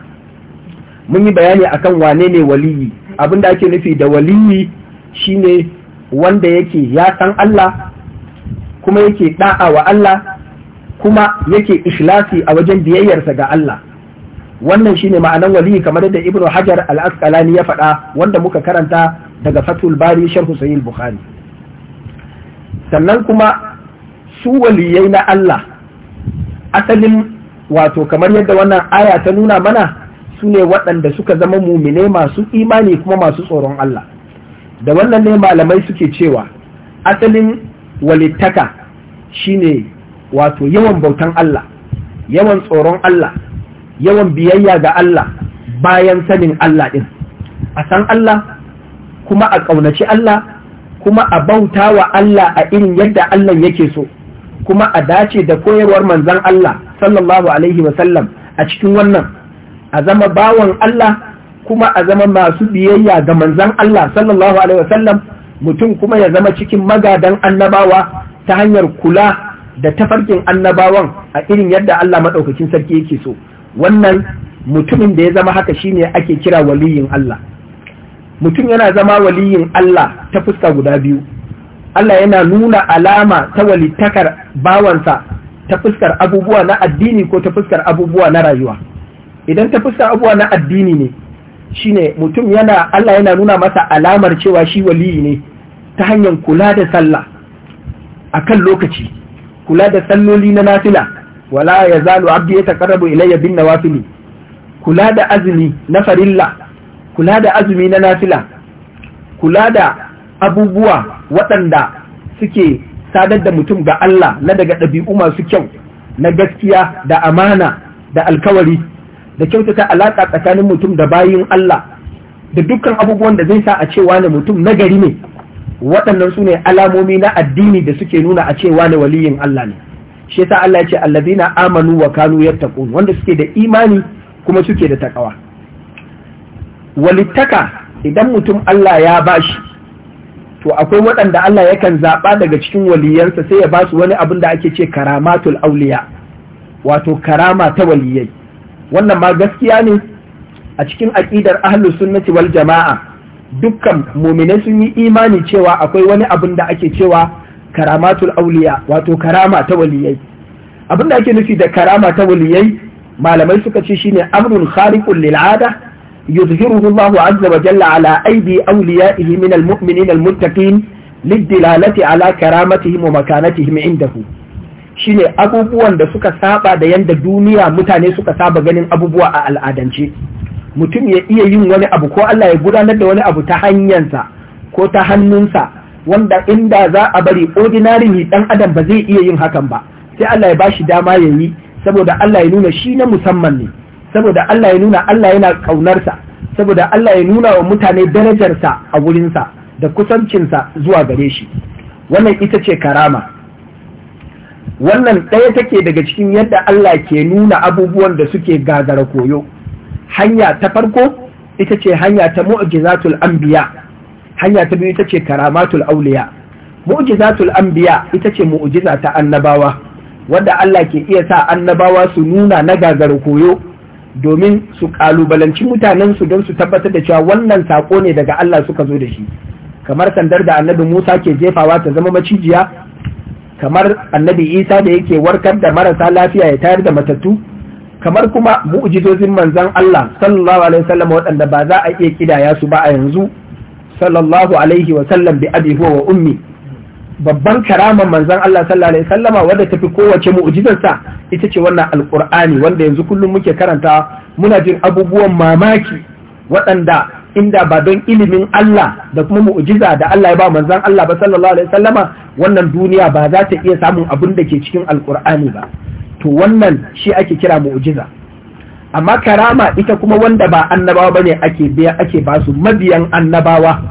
mun yi bayani akan wane ne waliyi abin da ake nufi da waliyi shine wanda yake ya san Allah kuma yake ɗa'a wa Allah kuma yake ishlasi a wajen biyayyarsa ga Allah wannan shine ma'anan waliyi kamar da Ibn Hajar al-Asqalani ya faɗa wanda muka karanta daga Fathul Bari Sharh Sahih Bukhari sannan kuma su waliyai na Allah asalin wato kamar yadda wannan aya ta nuna mana su ne waɗanda suka zama mumine masu imani kuma masu tsoron Allah da wannan ne malamai suke cewa asalin walittaka shine wato yawan bautan Allah yawan tsoron Allah yawan biyayya ga Allah bayan sanin Allah ɗin a san Allah kuma a ƙaunaci Allah kuma a bauta wa Allah a irin yadda Allah yake so kuma a dace da koyarwar manzan Allah sallallahu alaihi wasallam a cikin wannan a zama bawan Allah kuma a zama masu biyayya ga manzan Allah sallallahu alaihi wasallam mutum kuma ya zama cikin magadan annabawa ta hanyar kula da tafarkin annabawan a irin yadda Allah maɗaukacin sarki yake so wannan mutumin da ya zama haka shi ne ake kira waliyin Allah mutum yana zama waliyin Allah ta fuska guda biyu Allah yana nuna alama ta walittakar bawansa ta fuskar abubuwa na addini ko ta fuskar abubuwa na rayuwa idan ta fuskar abubuwa na addini ne shine mutum yana Allah yana nuna masa alamar cewa shi waliyi ne ta hanyar kula da sallah kan lokaci kula da salloli na nafila wala ya zalu abdi ya taqarrabu ilayya bin nawafili kula da azumi na farilla kula da azumi na nafila kula da abubuwa waɗanda suke sadar da mutum ga Allah na daga ɗabi'u masu kyau na gaskiya da amana da alkawari da kyautata alaƙa tsakanin mutum da bayin Allah da dukkan abubuwan da zai sa a cewa ne mutum nagari ne waɗannan su ne alamomi na addini da suke nuna a cewa ne waliyin Allah ne shi yasa Allah ya ce allazina amanu wa kanu yattaqun wanda suke da imani kuma suke da takawa walittaka idan mutum Allah ya bashi to akwai waɗanda Allah yakan zaɓa daga cikin waliyansa sai ya ba su wani abin da ake ce karamatul auliya wato karama ta waliyai wannan ma gaskiya ne a cikin aƙidar ahlus sunnati wal jama'a dukkan muminai sun yi imani cewa akwai wani abin da ake cewa karamatul auliya wato karama ta waliyai abin da ake nufi da karama ta waliyai malamai suka ce shine amrun khariqul lil ada yuzhiruhu Allahu azza wa jalla ala aidi awliyaihi min almu'minin almuttaqin lidilalati ala karamatihim wa makanatihim indahu shine abubuwan da suka saba da yanda duniya mutane suka saba ganin abubuwa a al'adance mutum ya iya yin wani abu ko Allah ya gudanar da wani abu ta hanyarsa ko ta hannunsa wanda inda za a bari ordinary dan adam ba zai iya yin hakan ba sai Allah ya bashi dama ya yi saboda Allah ya nuna shi na musamman ne saboda Allah ya nuna Allah yana kaunarsa saboda Allah ya nuna wa mutane darajarsa a wurinsa da kusancinsa zuwa gare shi wannan ita ce karama wannan ɗaya take daga cikin yadda Allah ke nuna abubuwan da suke gagara koyo hanya ta farko ita ce hanya ta mu'jizatul anbiya hanya ta biyu ita ce karamatul auliya mu'jizatul anbiya ita ce mu'jiza ta annabawa wanda Allah ke iya sa annabawa su nuna na gagara koyo domin su kalubalanci mutanen su don su tabbatar da cewa wannan sako ne daga Allah suka zo da shi kamar sandar da annabi Musa ke jefawa ta zama macijiya kamar annabi Isa da yake warkar da marasa lafiya ya tayar da matattu kamar kuma mu'jizozin manzan Allah sallallahu alaihi wasallam waɗanda ba za a iya kidaya su ba a yanzu sallallahu alaihi wasallam bi abi huwa wa ummi babban karaman manzan Allah sallallahu alaihi wasallama wanda tafi kowace mu'jizarsa ita ce wannan alqur'ani wanda yanzu kullum muke karanta muna jin abubuwan mamaki waɗanda inda ba don ilimin Allah da kuma mu'jiza da Allah ya ba manzan Allah ba sallallahu alaihi wasallama wannan duniya ba za ta iya samun abin da ke cikin alqur'ani ba to wannan shi ake kira mu'jiza amma karama ita kuma wanda ba annabawa bane ake biya ake basu mabiyan annabawa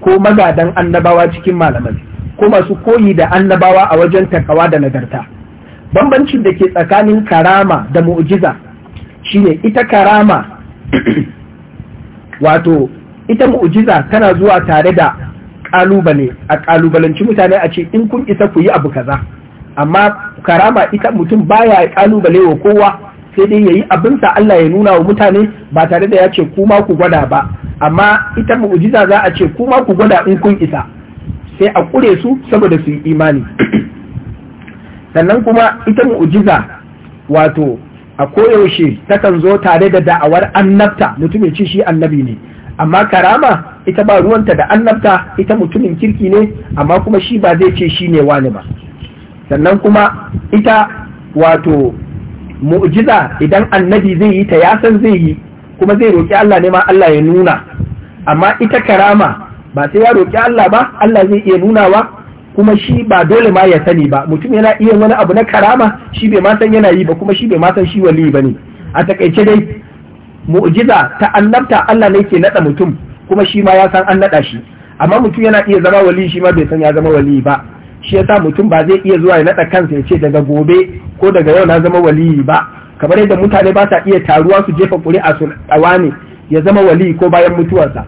ko magadan annabawa cikin malamai ko masu koyi da annabawa a wajen takawa da nagarta bambancin da ke tsakanin karama da mu'jiza shine ita karama [clears throat] wato ita mu'jiza tana zuwa tare da kalubale a kalubalanci mutane a ce in kun isa ku yi abu kaza amma karama ita mutum baya kalubale wa kowa sai dai yayi abin sa Allah ya nuna wa mutane ba tare da ya ce kuma ku gwada ba amma ita mu'ujiza za a ce kuma ku gwada in kun isa sai a kure su saboda su yi imani [clears throat] sannan kuma ita mu'ujiza wato a koyaushe takan zo tare da da'awar annabta mutumin ci shi annabi ne amma karama ita ba ruwanta da annabta ita mutumin kirki ne amma kuma shi ba zai ce shi ne wani ba sannan kuma ita wato mu'jiza idan annabi zai yi ta ya san zai yi kuma zai roƙi Allah ne ma Allah ya nuna amma ita karama ba sai ya roƙi Allah ba Allah zai iya nunawa kuma shi ba dole ma ya sani ba mutum yana iya wani abu na karama shi bai ma san yana yi ba kuma shi bai ma san shi wali ba ne a takaice dai mu'jiza ta annabta Allah ne ke nada mutum kuma shi ma ya san an nada shi amma mutum yana iya zama wali shi ma bai san ya zama wali ba shi yasa mutum ba zai iya zuwa ya naɗa kansa ya ce daga gobe ko daga yau na zama waliyi ba kamar yadda mutane ba sa iya taruwa su jefa ƙuri'a su ne ya zama waliyi ko bayan mutuwarsa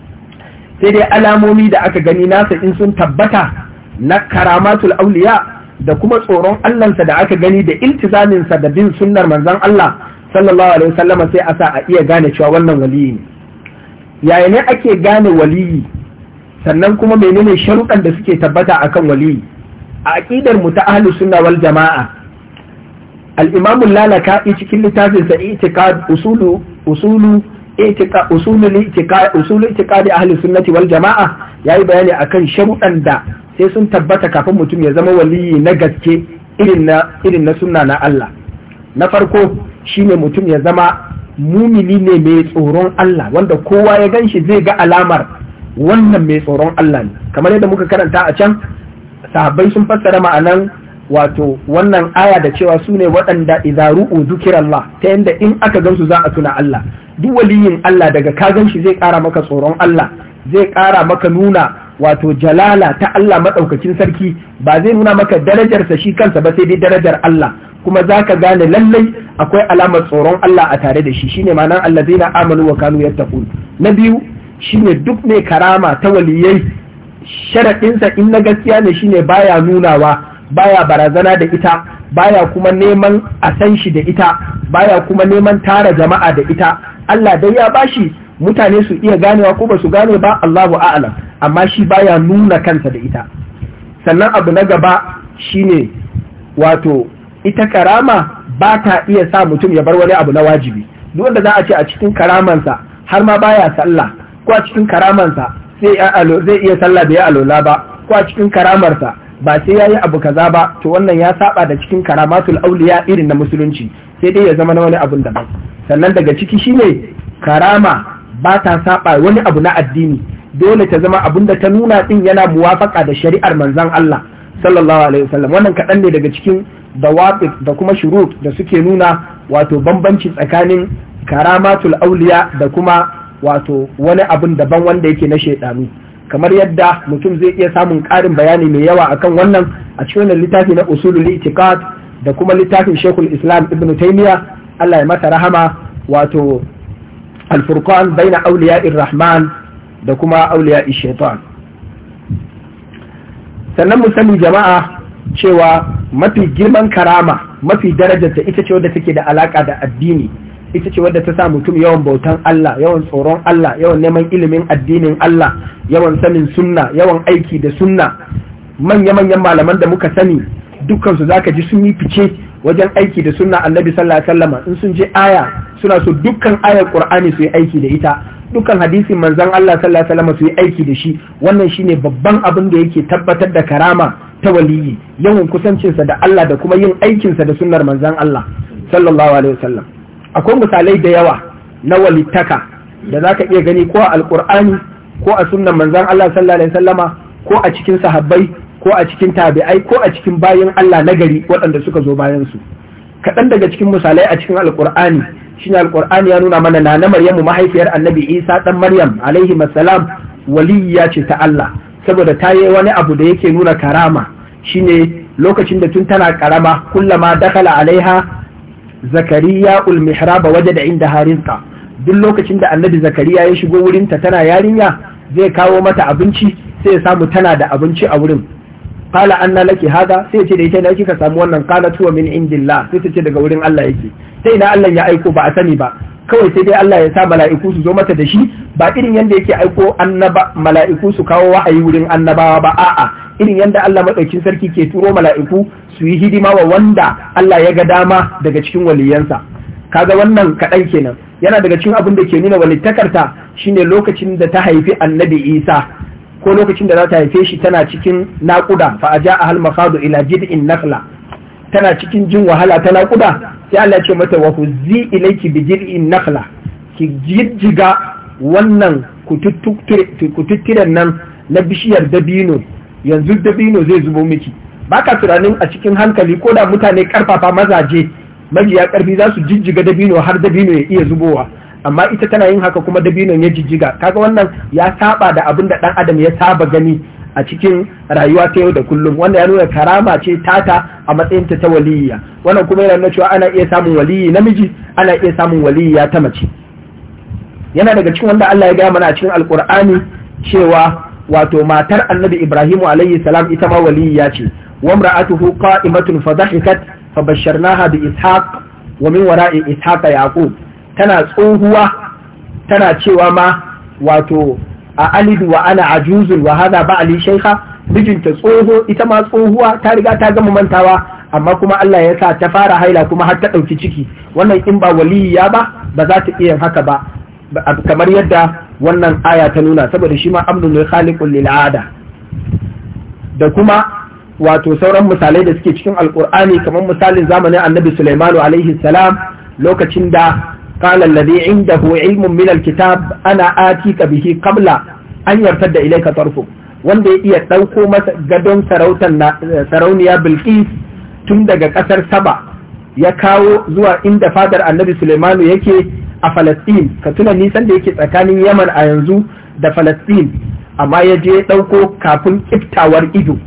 [clears throat] sai dai alamomi da aka gani nasa in sun tabbata na karamatul auliya da kuma tsoron Allahnsa da aka gani da iltizaminsa da bin sunnar manzon Allah sallallahu alaihi wasallama sai a sa a iya gane cewa wannan waliyi ne yaya ne ake gane waliyi sannan kuma menene sharuɗan da suke tabbata a kan waliyyi, a aƙidar mu ta ahalu suna wal jama'a al'imamun lalaka, cikin littafin sa usulu usulu ahalu sunnati wal jama'a yi bayani akan sharuɗan da sai sun tabbata kafin mutum ya zama waliyyi na gaske irin na suna na Allah na farko shine mutum ya zama mumini ne mai tsoron Allah wanda kowa ya gan shi zai ga alamar wannan mai tsoron Allah ne kamar yadda muka karanta a can sahabbai sun fassara ma'anan wato wannan aya da cewa su ne waɗanda idaru'u Allah. ta yadda in aka gansu za a tuna Allah duk waliyin Allah daga ka ganshi zai ƙara maka tsoron Allah zai ƙara maka nuna wato jalala ta Allah maɗaukacin sarki ba zai nuna maka darajarsa shi kansa ba sai dai darajar Allah kuma za ka gane lallai akwai alamar tsoron Allah a tare da shi shine ma'anar na amanu wa kanu yattaqun na biyu shine duk mai karama ta waliyai sharaɗinsa in na gaskiya ne shine baya nunawa baya barazana da ita baya kuma neman a san shi da ita baya kuma neman tara jama'a da ita Allah dai ya bashi mutane su iya ganewa ko ba su gane ba Allahu a'lam amma shi baya nuna kansa da ita sannan abu na gaba shine wato ita karama ba ta iya sa mutum ya bar wani abu na wajibi duk wanda za a ce a cikin karamansa har ma baya sallah ko cikin karamarsa sai zai iya sallah ya alola ba ko a cikin karamarsa ba sai ya yi abu kaza ba to wannan ya saba da cikin karamatul auliya irin na musulunci sai dai ya zama na wani abun daban sannan daga ciki shine karama ba ta saba wani abu na addini dole ta zama abun da ta nuna din yana muwafaka da shari'ar manzon Allah sallallahu alaihi wasallam wannan kaɗan ne daga cikin dawaqit da kuma shurut da suke nuna wato bambanci tsakanin karamatul auliya da kuma wato wani abin daban wanda yake na shaidanu kamar yadda mutum zai iya samun ƙarin bayani mai yawa akan wannan a cikin wannan littafi na usulul itiqad da kuma littafin shekul islam ibn taymiya Allah ya masa rahama wato al-furqan baina awliya'ir rahman da kuma awliya'ish shaitan sannan mu sani jama'a cewa mafi girman karama mafi darajarta ita ce wadda take da alaka da addini ita ce wadda ta sa mutum yawan bautan Allah yawan tsoron Allah yawan neman ilimin addinin Allah yawan sanin sunna yawan aiki da sunna manya-manyan malaman da muka sani dukkansu zaka ji sun yi fice wajen aiki da sunna annabi sallallahu alaihi wasallam in sun je aya suna so dukkan ayar qur'ani su yi aiki da ita dukkan hadisin manzon Allah sallallahu alaihi wasallam su yi aiki da shi wannan shine babban abin da yake tabbatar da karama ta waliyi yawan kusancinsa da Allah da kuma yin aikinsa da sunnar manzon Allah sallallahu alaihi wasallam akwai misalai da yawa na walittaka da za ka iya gani ko a alkur'ani ko a sunan manzan Allah sallallahu alaihi wasallama ko a cikin sahabbai ko a cikin tabi'ai ko a cikin bayan Allah na gari waɗanda suka zo bayan su kaɗan daga cikin misalai a cikin alkur'ani shine alkur'ani ya nuna mana nana maryamu mahaifiyar annabi isa ɗan maryam alaihi masalam waliyya ce ta Allah saboda ta yi wani abu da yake nuna karama shine lokacin da tun tana karama kullama dakala alaiha zakariya ul waje da inda harinka duk lokacin da annabi zakariya ya shigo wurinta tana yarinya zai kawo mata abinci sai ya samu tana da abinci a wurin qala anna laki hada sai ce da ita na kika samu wannan qalat huwa min indillah sai ta ce daga wurin Allah yake sai ina Allah ya aiko ba a sani ba kawai sai dai Allah ya sa mala'iku su zo mata da shi ba irin yadda yake aiko annaba mala'iku su kawo wa'ayi wurin annabawa ba a'a irin yadda Allah madaukin sarki ke turo mala'iku su yi hidima wa wanda Allah ya ga dama daga cikin waliyansa kaga wannan kaɗan kenan yana daga cikin abin da ke nuna walittakarta shine lokacin da ta haifi annabi isa ko lokacin da za ta haife shi tana cikin naƙuda fa a ahal mafadu ila jid'in nakla tana cikin jin wahala ta naƙuda sai Allah ce mata wa huzzi ilayki bi jil'in nakhla ki jijjiga wannan kututturen nan na bishiyar dabino yanzu dabino zai zubo miki baka tunanin a cikin hankali ko da mutane karfafa mazaje majiya karfi za su jijjiga dabino har dabino ya iya zubowa amma ita tana yin haka kuma dabino ya jijjiga kaga wannan ya saba da abin da dan adam ya saba gani a cikin rayuwa ta yau da kullum wanda ya nuna karama ce tata a matsayin ta ta waliyya wannan kuma yana cewa ana iya samun waliyyi namiji ana iya samun waliyya ta mace yana daga cikin wanda Allah ya gaya mana a cikin alkur'ani cewa wato matar annabi ibrahim alayhi salam ita ma waliyya ce wa imra'atuhu qa'imatun fa dhahikat fa basharnaha bi ishaq wa min wara'i ishaq yaqub tana tsohuwa tana cewa ma wato a alidu wa ana ajuzul wa hada ba ali shaikha mijinta tsoho ita ma tsohuwa ta riga ta gama mantawa amma kuma Allah ya sa ta fara haila kuma har ta ɗauki ciki wannan in ba waliya ba ba za ta iya haka ba kamar yadda wannan aya ta nuna saboda shi ma ne khaliqul lil ada da kuma wato sauran misalai da suke cikin alkur'ani kamar misalin zamanin annabi sulaimanu alaihi salam lokacin da qala alladhi indahu ilmun min alkitab ana atika bihi kabla an yartadda ilayka tarfu wanda ya iya ɗauko masa gadon sarauniya bilqis tun daga ƙasar saba ya kawo zuwa inda fadar annabi sulaimanu yake a falastin ka tuna nisan da yake tsakanin yaman a yanzu da falastin amma ya je ɗauko kafin kiftawar ido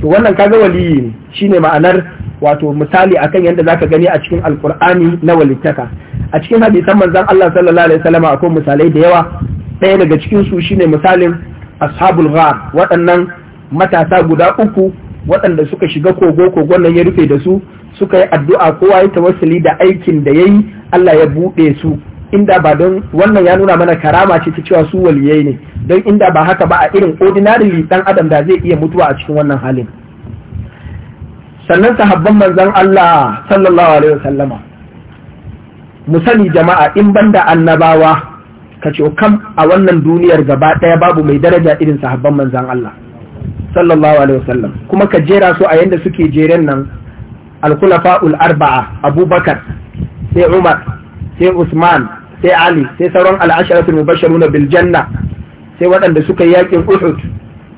to wannan kaga waliyi ne shine ma'anar wato misali akan yadda ka gani a cikin alkur'ani na walittaka a cikin hadisan manzon Allah sallallahu alaihi wasallam akwai misalai da yawa ɗaya daga cikin su shine misalin ashabul ghar waɗannan matasa guda uku waɗanda suka shiga kogo kogon nan ya rufe da su suka yi addu'a kowa ya tawassuli da aikin da yayi Allah ya buɗe su inda ba don wannan ya nuna mana karama ce ta cewa su waliyai ne don inda ba haka ba a irin ordinary dan adam da zai iya mutuwa a cikin wannan halin sannan sahabban manzon Allah sallallahu alaihi wasallama mu sani jama'a in banda annabawa ka ce kam a wannan duniyar gaba ɗaya babu mai daraja irin sahabban manzon Allah sallallahu alaihi wasallam kuma ka jera su a yanda suke jeren nan al-khulafa'ul arba'a abubakar sai umar sai usman sai ali sai sauran al-asharatul mubashshiruna bil janna sai waɗanda suka yi yakin uhud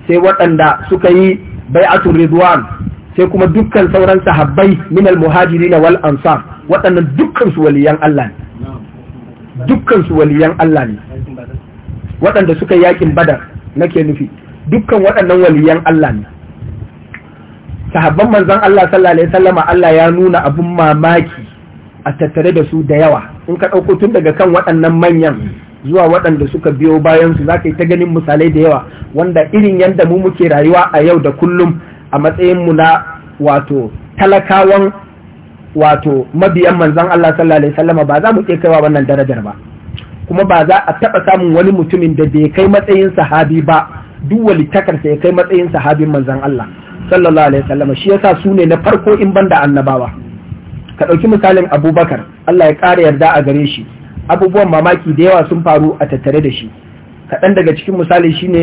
sai waɗanda suka yi bai'atul ridwan sai kuma dukkan sauran sahabbai min al-muhajirin wal ansar waɗannan dukkan su waliyan Allah ne dukkan su waliyan Allah ne waɗanda suka yakin badar nake nufi dukkan waɗannan waliyan Allah ne sahabban manzon Allah sallallahu alaihi wasallama Allah ya nuna abun mamaki a tattare da su da yawa in ka ɗauko tun daga kan waɗannan manyan zuwa waɗanda suka biyo bayan su zaka yi ta ganin misalai da yawa wanda irin yadda mu muke rayuwa a yau da kullum a matsayinmu na wato talakawan wato mabiyan manzan Allah sallallahu alaihi wasallama ba za mu iya kaiwa wannan darajar ba kuma ba za a taɓa samun wani mutumin da bai kai matsayin sahabi ba duk walitakarsa ya kai matsayin sahabin manzan Allah sallallahu alaihi wasallama shi yasa su ne na farko in banda annabawa ka ɗauki misalin abubakar Allah ya kare yarda a gare shi abubuwan mamaki da yawa sun faru a tattare da shi kaɗan daga cikin misali shine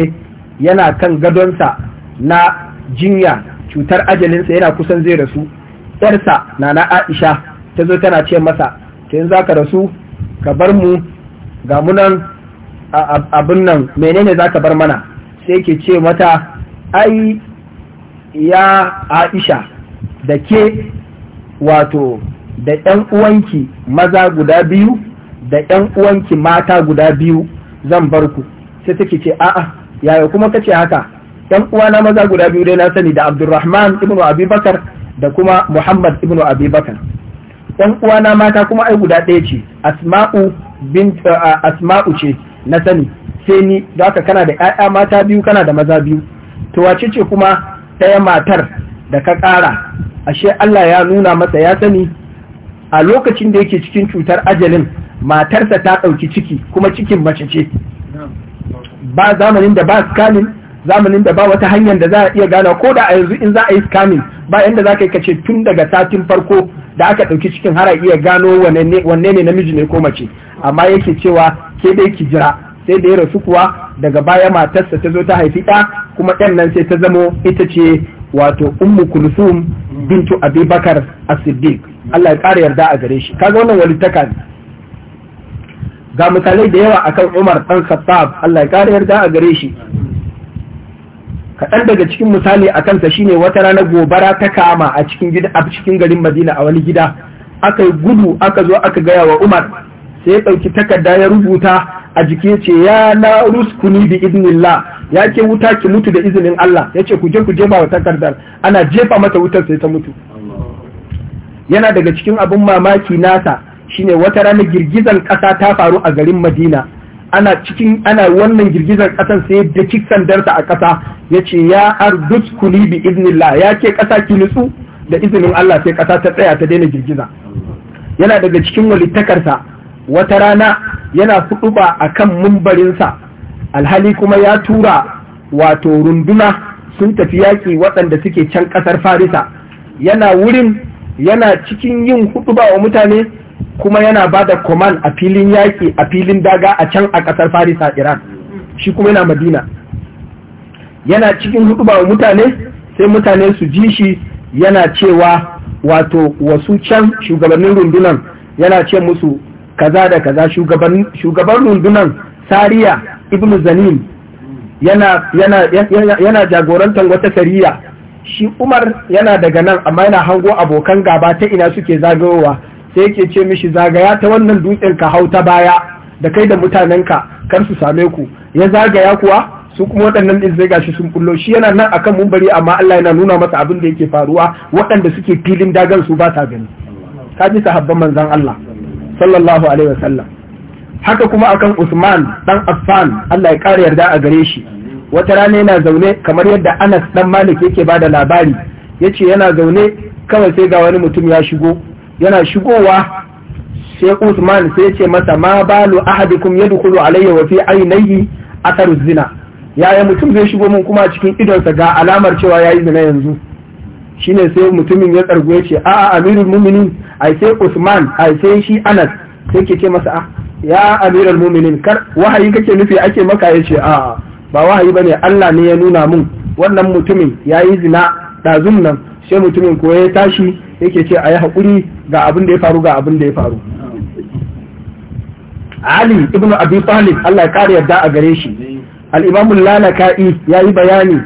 yana kan gadonsa na jinya cutar ajalinsa yana kusan zai rasu yarsa na aisha ta zo tana ce masa ta yin za rasu ka bar mu ga munan abin nan menene za ka bar mana sai ke ce mata ai ya aisha da ke wato da 'yan uwanki maza guda biyu da 'yan uwanki mata guda biyu zan bar ku sai take ce a'a yaya kuma kace haka ɗan na maza guda biyu dai na sani da Abdulrahman ibnu Abubakar da kuma Muhammad ibnu Abubakar ɗan na mata kuma ai guda ɗaya ce Asma'u bint Asma'u ce na sani sai ni da haka kana da ƴaƴa mata biyu kana da maza biyu to wace ce kuma ɗaya matar da ka ƙara ashe Allah ya nuna masa ya sani a lokacin da yake cikin cutar ajalin matarsa ta ɗauki ciki kuma cikin mace ce ba zamanin da ba scanning zamanin da ba wata hanyar da za a iya gano ko da a yanzu in za a yi scamming ba yanda za ka yi kace tun daga satin farko da aka ɗauki cikin har a iya gano wanne ne namiji ne ko mace amma yake cewa ke dai ki jira sai da ya rasu kuwa daga baya matarsa ta zo ta haifi ɗa kuma ɗan nan sai ta zamo ita ce wato ummu kulsum bintu abubakar as Allah ya ƙara yarda a gare shi kaga wannan walittaka ne ga misalai da yawa akan Umar dan Khattab Allah ya ƙara yarda a gare shi kaɗan daga cikin misali a kansa shine wata rana gobara ta kama a cikin gida a cikin garin madina a wani gida aka yi gudu aka zo aka gaya wa umar sai ya ɗauki takarda ya rubuta a jiki ce ya na ruskuni bi idnillah ya ke wuta ki mutu da izinin Allah ya ce ku je ku jefa wa takardar ana jefa mata wutar sai ta mutu yana daga cikin abin mamaki nasa shine wata rana girgizar ƙasa ta faru a garin madina ana cikin ana wannan girgizar kasan sai da kiksan darta a kasa ce ya ardus kuli bi iznillah ya ke kasa ki nutsu da izinin Allah sai ƙasa ta tsaya ta daina girgiza yana daga cikin walittakarsa wata rana yana a kan mumbarinsa alhali kuma ya tura wato runduna sun tafi yaƙi waɗanda suke can ƙasar farisa yana wurin yana cikin yin huɗuba wa mutane kuma yana ba da koman a filin yaƙi a filin daga a can a ƙasar farisa iran shi kuma yana madina yana cikin hudu ba mutane sai mutane su ji shi yana cewa wato wasu can shugabannin rundunan yana ce musu kaza da kaza shugaban rundunan sariya ibn zanin yana, jagorantar wata sariya shi umar yana daga nan amma yana hango abokan gaba ta ina suke zagayowa sai yake ce mishi zagaya ta wannan dutsen ka hau ta baya da kai da mutanenka kar su same ku ya zagaya kuwa su kuma waɗannan ɗin zai gashi sun kullo shi yana nan akan mumbari amma Allah yana nuna masa abin da yake faruwa waɗanda suke filin dagan su ba ta gani ka ji sahabban manzon Allah sallallahu alaihi wasallam haka kuma akan Usman dan Affan Allah ya kare yarda a gare shi wata rana yana zaune kamar yadda Anas dan Malik yake bada labari yace yana zaune kawai sai ga wani mutum ya shigo yana shigowa sai Usman sai ce masa ma balu ahadikum yadkhulu alayya wa fi ainihi atharu zina yaya mutum zai shigo mun kuma cikin idon sa ga alamar cewa yayi zina yanzu shine sai mutumin ya tsargo ya ce a'a amirul mu'minin ai sai Usman ai sai shi Anas sai ke ce masa ah, ya amirul mu'minin kar wahayi kake nufi ake maka ya ce a'a ba wahayi bane Allah ne ya nuna mun wannan mutumin yayi zina dazun nan sai mutumin ko ya tashi yake ce a yi haƙuri ga abin da ya faru ga abin da ya faru ali ibn abi talib allah kare yadda a gare shi al'imamun lalaka'i ya yi bayani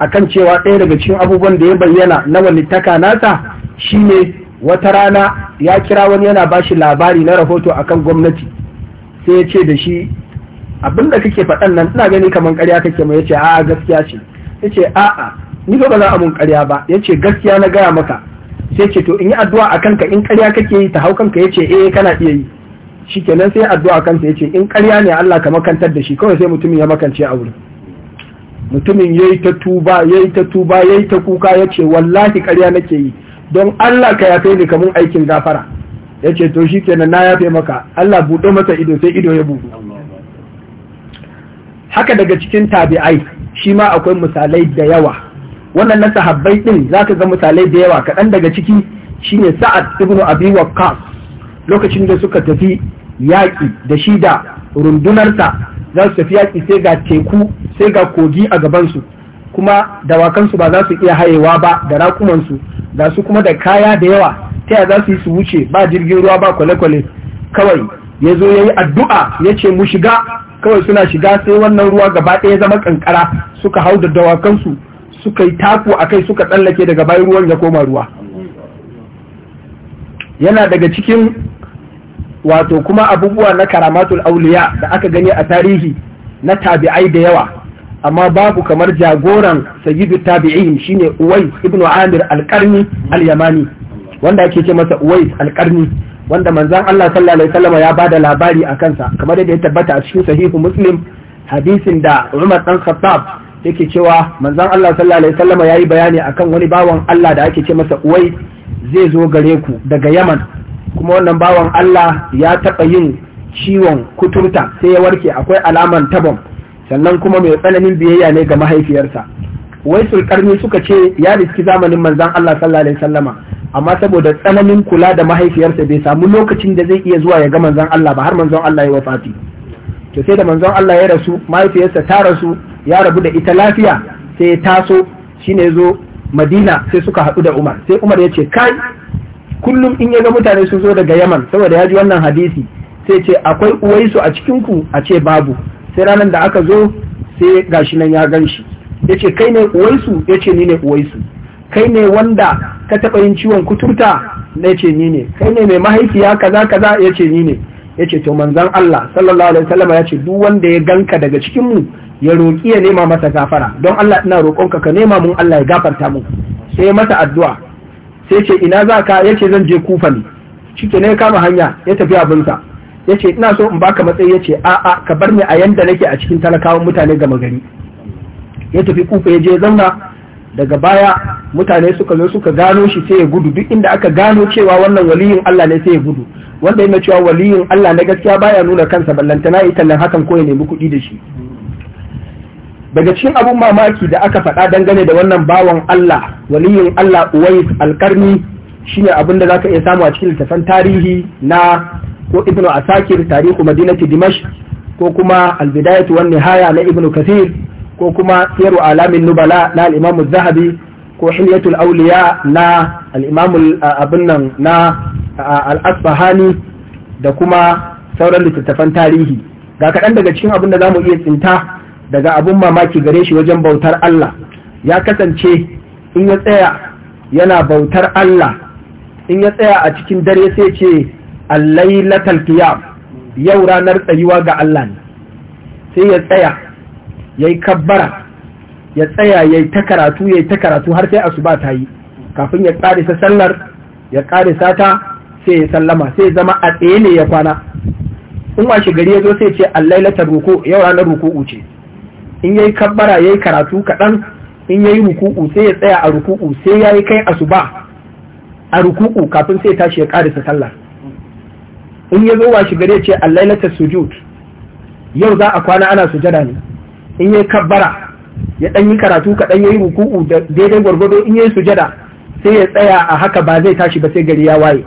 akan cewa ɗaya daga cikin abubuwan da ya bayyana na wani nata shine wata rana ya kira wani yana ba shi labari na rahoto akan gwamnati sai ya ce da shi abinda kake faɗan nan ina gani kamar ƙarya kake mai yace a'a gaskiya ce yace a'a ni ba za a mun ƙarya ba ya ce gaskiya na gaya maka sai ce to in yi addu'a a kanka in ƙarya kake yi ta hau kanka ya ce eh kana iya yi shi kenan sai addu'a kansa ya ce in ƙarya ne Allah ka makantar da shi kawai sai mutumin ya makance a wurin mutumin ya yi ta tuba ya yi ta tuba ya yi ta kuka ya ce wallahi ƙarya nake yi don Allah ka yafe ni kamun aikin gafara ya ce to shi kenan na yafe maka Allah buɗe masa ido sai ido ya buɗe haka daga cikin tabi'ai shi ma akwai misalai da yawa wannan na sahabbai za ka zama misalai da yawa kaɗan daga ciki shine sa'ad ibnu abi waqqas lokacin da suka tafi yaƙi da shi da rundunarsa za su tafi yaƙi sai ga teku sai ga kogi a gabansu kuma dawakansu ba za su iya hayewa ba da rakumansu ga su kuma da kaya da yawa ta yaya za su yi su wuce ba jirgin ruwa ba kwale-kwale kawai ya zo ya yi addu'a ya ce mu shiga kawai suna shiga sai wannan ruwa gaba ɗaya zama ƙanƙara suka hau da dawakansu suka yi taku a kai suka tsallake daga bayan ruwan ya koma ruwa yana daga cikin wato kuma abubuwa na karamatul auliya da aka gani a tarihi na tabi'ai da yawa amma babu kamar jagoran sayyidu tabi'in shine uwais ibn amir alqarni al-yamani wanda ake ce masa uwais alqarni wanda manzon Allah sallallahu alaihi wasallam ya bada labari a kansa kamar yadda ya tabbata a cikin sahihu muslim hadisin da Umar dan Khattab yake cewa manzon Allah sallallahu alaihi wasallam yi bayani akan wani bawan Allah da ake ce masa Uwai zai zo gare ku daga Yaman kuma wannan bawan Allah ya taɓa yin ciwon kuturta sai ya warke akwai alaman tabon sannan kuma mai tsananin biyayya ne ga mahaifiyarsa wai sulkarni suka ce ya riski zamanin manzan Allah sallallahu alaihi wasallama amma saboda tsananin kula da mahaifiyarsa bai samu lokacin da zai iya zuwa ya ga manzan Allah ba har manzon Allah ya wafati to sai da manzon Allah ya rasu mahaifiyarsa ta rasu ya rabu da ita lafiya sai ya taso shine zo madina sai suka haɗu da umar sai umar ya ce kai kullum in ya ga mutane sun zo daga yaman saboda ya ji wannan hadisi sai ce akwai uwaisu a cikinku a ce babu sai ranar da aka zo sai gashi nan ya gan shi ya ce kai ne uwaisu ya ce ni ne uwaisu kai ne wanda ka taɓa yin ciwon kuturta na ce ni ne kai ne mai mahaifiya kaza kaza ya ce ni ne ya ce to manzan Allah sallallahu alaihi wasallam ya ce duk wanda ya ganka daga cikin mu ya roki ya nema masa gafara don Allah ina roƙonka ka nema mun Allah ya gafarta mu sai masa addu'a sai ce ina za ka ya ce zan je kufa ne cike ne kama hanya ya tafi abinsa ya ce ina so in baka matsayi ya ce a'a ka bar ni a yanda nake a cikin talakawan mutane gama gari ya tafi kufa ya je zauna daga baya mutane suka zo suka gano shi sai ya gudu duk inda aka gano cewa wannan waliyin Allah ne sai ya gudu wanda yana cewa waliyin Allah na gaskiya baya nuna kansa ballantana yi tallan hakan ko ya nemi kuɗi da shi daga cikin abun mamaki da aka faɗa dangane da wannan bawan Allah waliyin Allah Uwais Alkarni shine abin da zaka iya samu a cikin littafan tarihi na ko Ibn Asakir tarihu Madinati Dimash ko kuma Al-Bidayatu wan Nihaya na Ibn Kathir ko kuma Siru Alamin Nubala na al zahabi ko hilyatul auliya na al'imamul abin nan na al'asfahani da kuma sauran littattafan tarihi ga kaɗan daga cikin abin da za mu iya tsinta daga abin mamaki gare shi wajen bautar Allah ya kasance in ya tsaya yana bautar Allah in ya tsaya a cikin dare sai ce allailatal qiyam yau ranar tsayuwa ga Allah sai ya tsaya yayi kabbara ya tsaya ya yi ta karatu ya yi ta karatu har sai asuba ta yi kafin ya ƙarisa sallar ya ta sai ya sallama sai zama a tsaye ne ya kwana in washe gari ya zo sai ce allailatar ruku yau ranar ruku'u ce in yayi kabbara yayi karatu kaɗan in yayi ruku'u sai ya tsaya a ruku'u sai yayi kai asuba a ruku'u kafin sai tashi ya ƙarisa sallar in ya zo washe gari ya ce allailatar sujud yau za a kwana ana sujada ne in yayi kabbara ya dan yi karatu kaɗan ya yi ruku'u da daidai gwargwado in yi sujada sai ya tsaya a haka ba zai tashi ba sai gari ya waye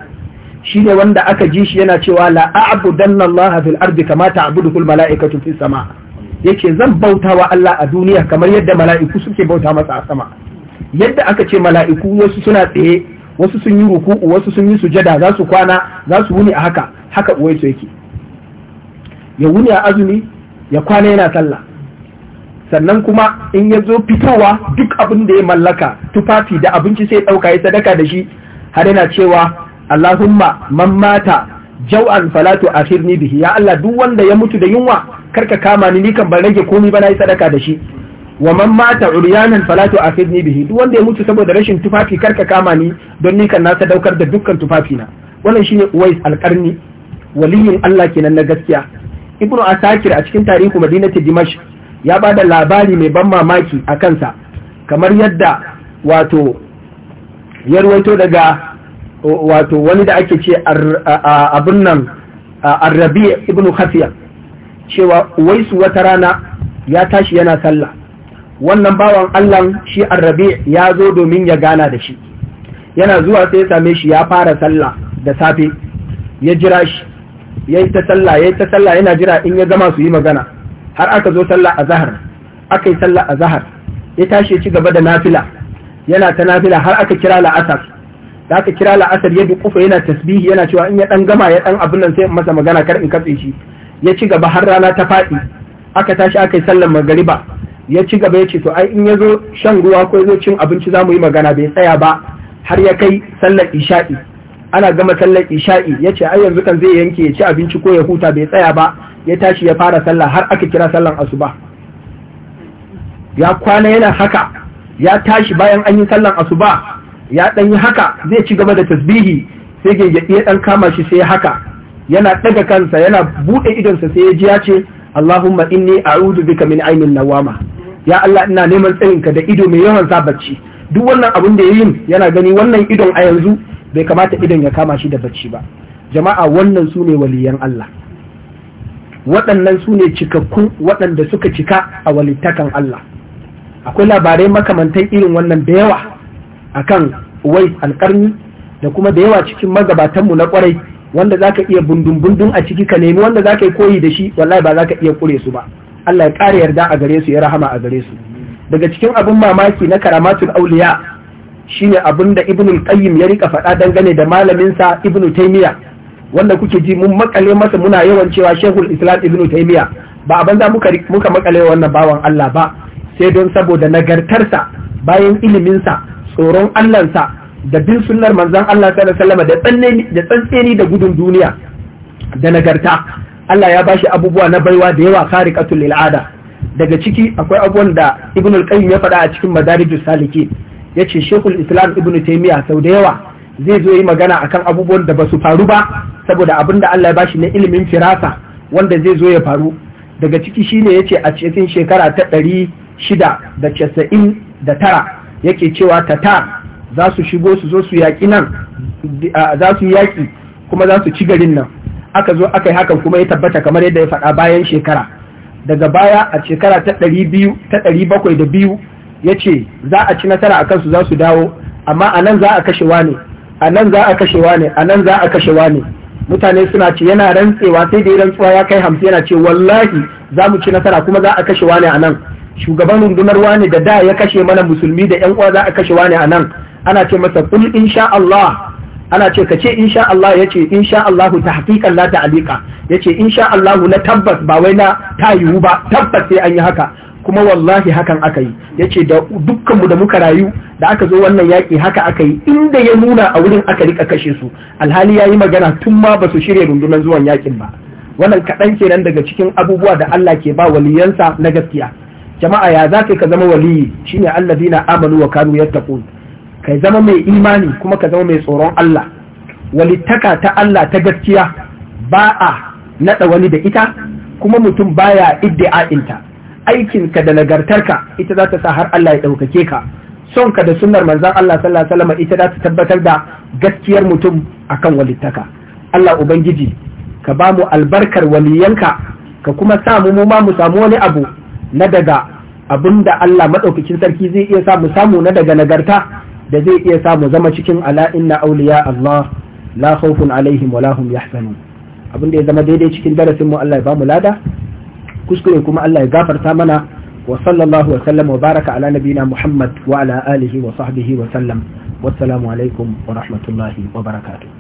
shi ne wanda aka ji shi yana cewa la a'budanna Allah fil ardi kama ta'buduhul mala'ikatu fis sama yace zan bauta wa Allah a duniya kamar yadda mala'iku suke bauta masa a sama yadda aka ce mala'iku wasu suna tsaye wasu sun yi ruku'u wasu sun yi sujada za su kwana za su wuni a haka haka uwaisu yake ya wuni a azumi ya kwana yana sallah sannan kuma in ya zo fitowa duk abin da ya mallaka tufafi da abinci sai ɗauka ya sadaka da shi har yana cewa Allahumma man mata jau'an falatu akhirni bihi ya Allah duk wanda ya mutu da yunwa karka kama ni nikan ban rage komai ba na yi sadaka da shi wa man mata uryanan falatu akhirni bihi duk wanda ya mutu saboda rashin tufafi karka kama ni don nikan na sadaukar da dukkan tufafi na wannan shine Uwais alqarni waliyin Allah kenan na gaskiya Ibnu Asakir a cikin tarihi Madinatu dimash ya ba da labari mai ban mamaki a kansa kamar yadda wato ya ruwaito daga wato wani da ake ce abin nan arrabi ibn Hafiya cewa waisu wata rana ya tashi yana sallah wannan bawan allan shi arrabi ya zo domin ya gana da shi yana zuwa sai same shi ya fara sallah da safe ya jira shi ya yi ta sallah ya yi ta sallah yana jira in ya gama su yi magana har aka zo sallah a zahar, aka yi sallah a zahar, ya tashi ci gaba da nafila yana ta nafila har aka kira la'asar da aka kira la'asar ya dukufa yana tasbihi yana cewa in ya dan gama ya dan abin nan sai masa magana kar in katse shi ya ci gaba har rana ta faɗi aka tashi aka yi sallar magariba ya ci gaba ya ce to ai in ya zo shan ruwa ko ya zo cin abinci za mu yi magana bai tsaya ba har ya kai sallar isha'i ana gama sallar isha'i ya ce ai yanzu kan zai yanke ya ci abinci ko ya huta bai tsaya ba ya tashi ya fara sallah har aka kira sallan asuba ya kwana yana haka ya tashi bayan an yi sallan asuba ya dan yi haka zai ci gaba da tasbihi sai gengedi ya dan kama shi sai haka yana daga kansa yana bude idonsa sai ya ji ya ce Allahumma inni a'udhu bika min ainin nawama ya Allah ina neman tsayinka da ido mai yawan sa bacci duk wannan abin da yayin yana gani wannan idon a yanzu bai kamata idon ya kama shi da bacci ba jama'a wannan sune ne waliyan Allah waɗannan su ne cikakku waɗanda suka cika a walittakan Allah akwai labarai makamantan irin wannan da yawa akan wai alƙarni da kuma da yawa cikin magabatanmu na ƙwarai wanda za ka iya bundun-bundun a ciki ka nemi wanda zaka yi koyi da shi wallahi ba za ka iya ƙure su ba Allah ya ƙara yarda a gare su ya rahama a gare su daga cikin abin mamaki na karamatul auliya shine abin da ibnul qayyim ya riƙa faɗa dangane da malaminsa sa ibnu wanda kuke ji mun makale masa muna yawan cewa shehul islam ibnu taymiya ba a banza muka muka makale wannan bawan Allah ba sai don saboda nagartarsa bayan iliminsa tsoron Allahnsa da bin sunnar manzon Allah sallallahu alaihi da da tsantseni da gudun duniya da nagarta Allah ya bashi abubuwa na baiwa da yawa khariqatul lil daga ciki akwai abubuwan da ibn al-qayyim ya faɗa a cikin madarijus saliki yace shekul islam ibn taymiya sau da yawa zai zo yi magana akan abubuwan da ba su faru ba saboda abin da Allah ya bashi na ilimin firasa wanda zai zo ya faru daga ciki shine yace a cikin shekara ta ɗari shida da casa'in da tara yake cewa tata za su shigo su zo su yaƙi nan za su yaƙi kuma za su ci garin nan aka zo aka yi hakan kuma ya tabbata kamar yadda ya faɗa bayan shekara daga baya a shekara ta ɗari ta ɗari bakwai da biyu ya ce za a ci nasara a kansu za su dawo amma a nan za a kashe wane a za a kashe wane a za a kashe wane mutane suna ce yana rantsewa sai da ya rantsuwa ya kai hamsin yana ce wallahi za mu ci nasara kuma za a kashe wani a nan shugaban rundunar wani da da ya kashe mana musulmi da yan uwa za a kashe wani a nan ana ce masa kul insha Allah ana ce ka ce insha Allah ya ce insha Allah ta haƙiƙan la ta alika ya ce insha Allah na tabbas ba wai na ta ba tabbas sai an yi haka kuma wallahi hakan aka yi yace da dukkanmu da muka rayu da aka zo wannan yaƙi haka aka yi inda ya nuna a wurin aka rika kashe su alhali ya yi magana tun ma ba su shirya rundunar zuwan yaƙin ba wannan kaɗan kenan daga cikin abubuwa da Allah ke ba waliyansa na gaskiya jama'a ya za ka zama waliyi shine na amanu wa kanu yattaqun ka zama mai imani kuma ka zama mai tsoron Allah walittaka ta Allah ta gaskiya ba a naɗa wani da ita kuma mutum baya iddi'a'inta aikinka da nagartarka ita za ta sa har Allah ya ɗaukake ka son ka da sunnar manzan Allah sallallahu alaihi wasallam ita za ta tabbatar da gaskiyar mutum akan walittaka Allah ubangiji ka ba mu albarkar waliyanka ka kuma sa mu mu ma mu samu wani abu na daga da Allah madaukakin sarki zai iya sa mu samu na daga nagarta da zai iya sa mu zama cikin ala inna awliya Allah la khawfun alaihim abinda ya zama daidai cikin darasin mu Allah ya ba mu lada kuskure kuma Allah ya gafarta mana wa sallallahu wa sallam wa baraka ala nabina Muhammad wa ala alihi wa sahbihi wa sallam wassalamu alaikum wa rahmatullahi wa barakatuh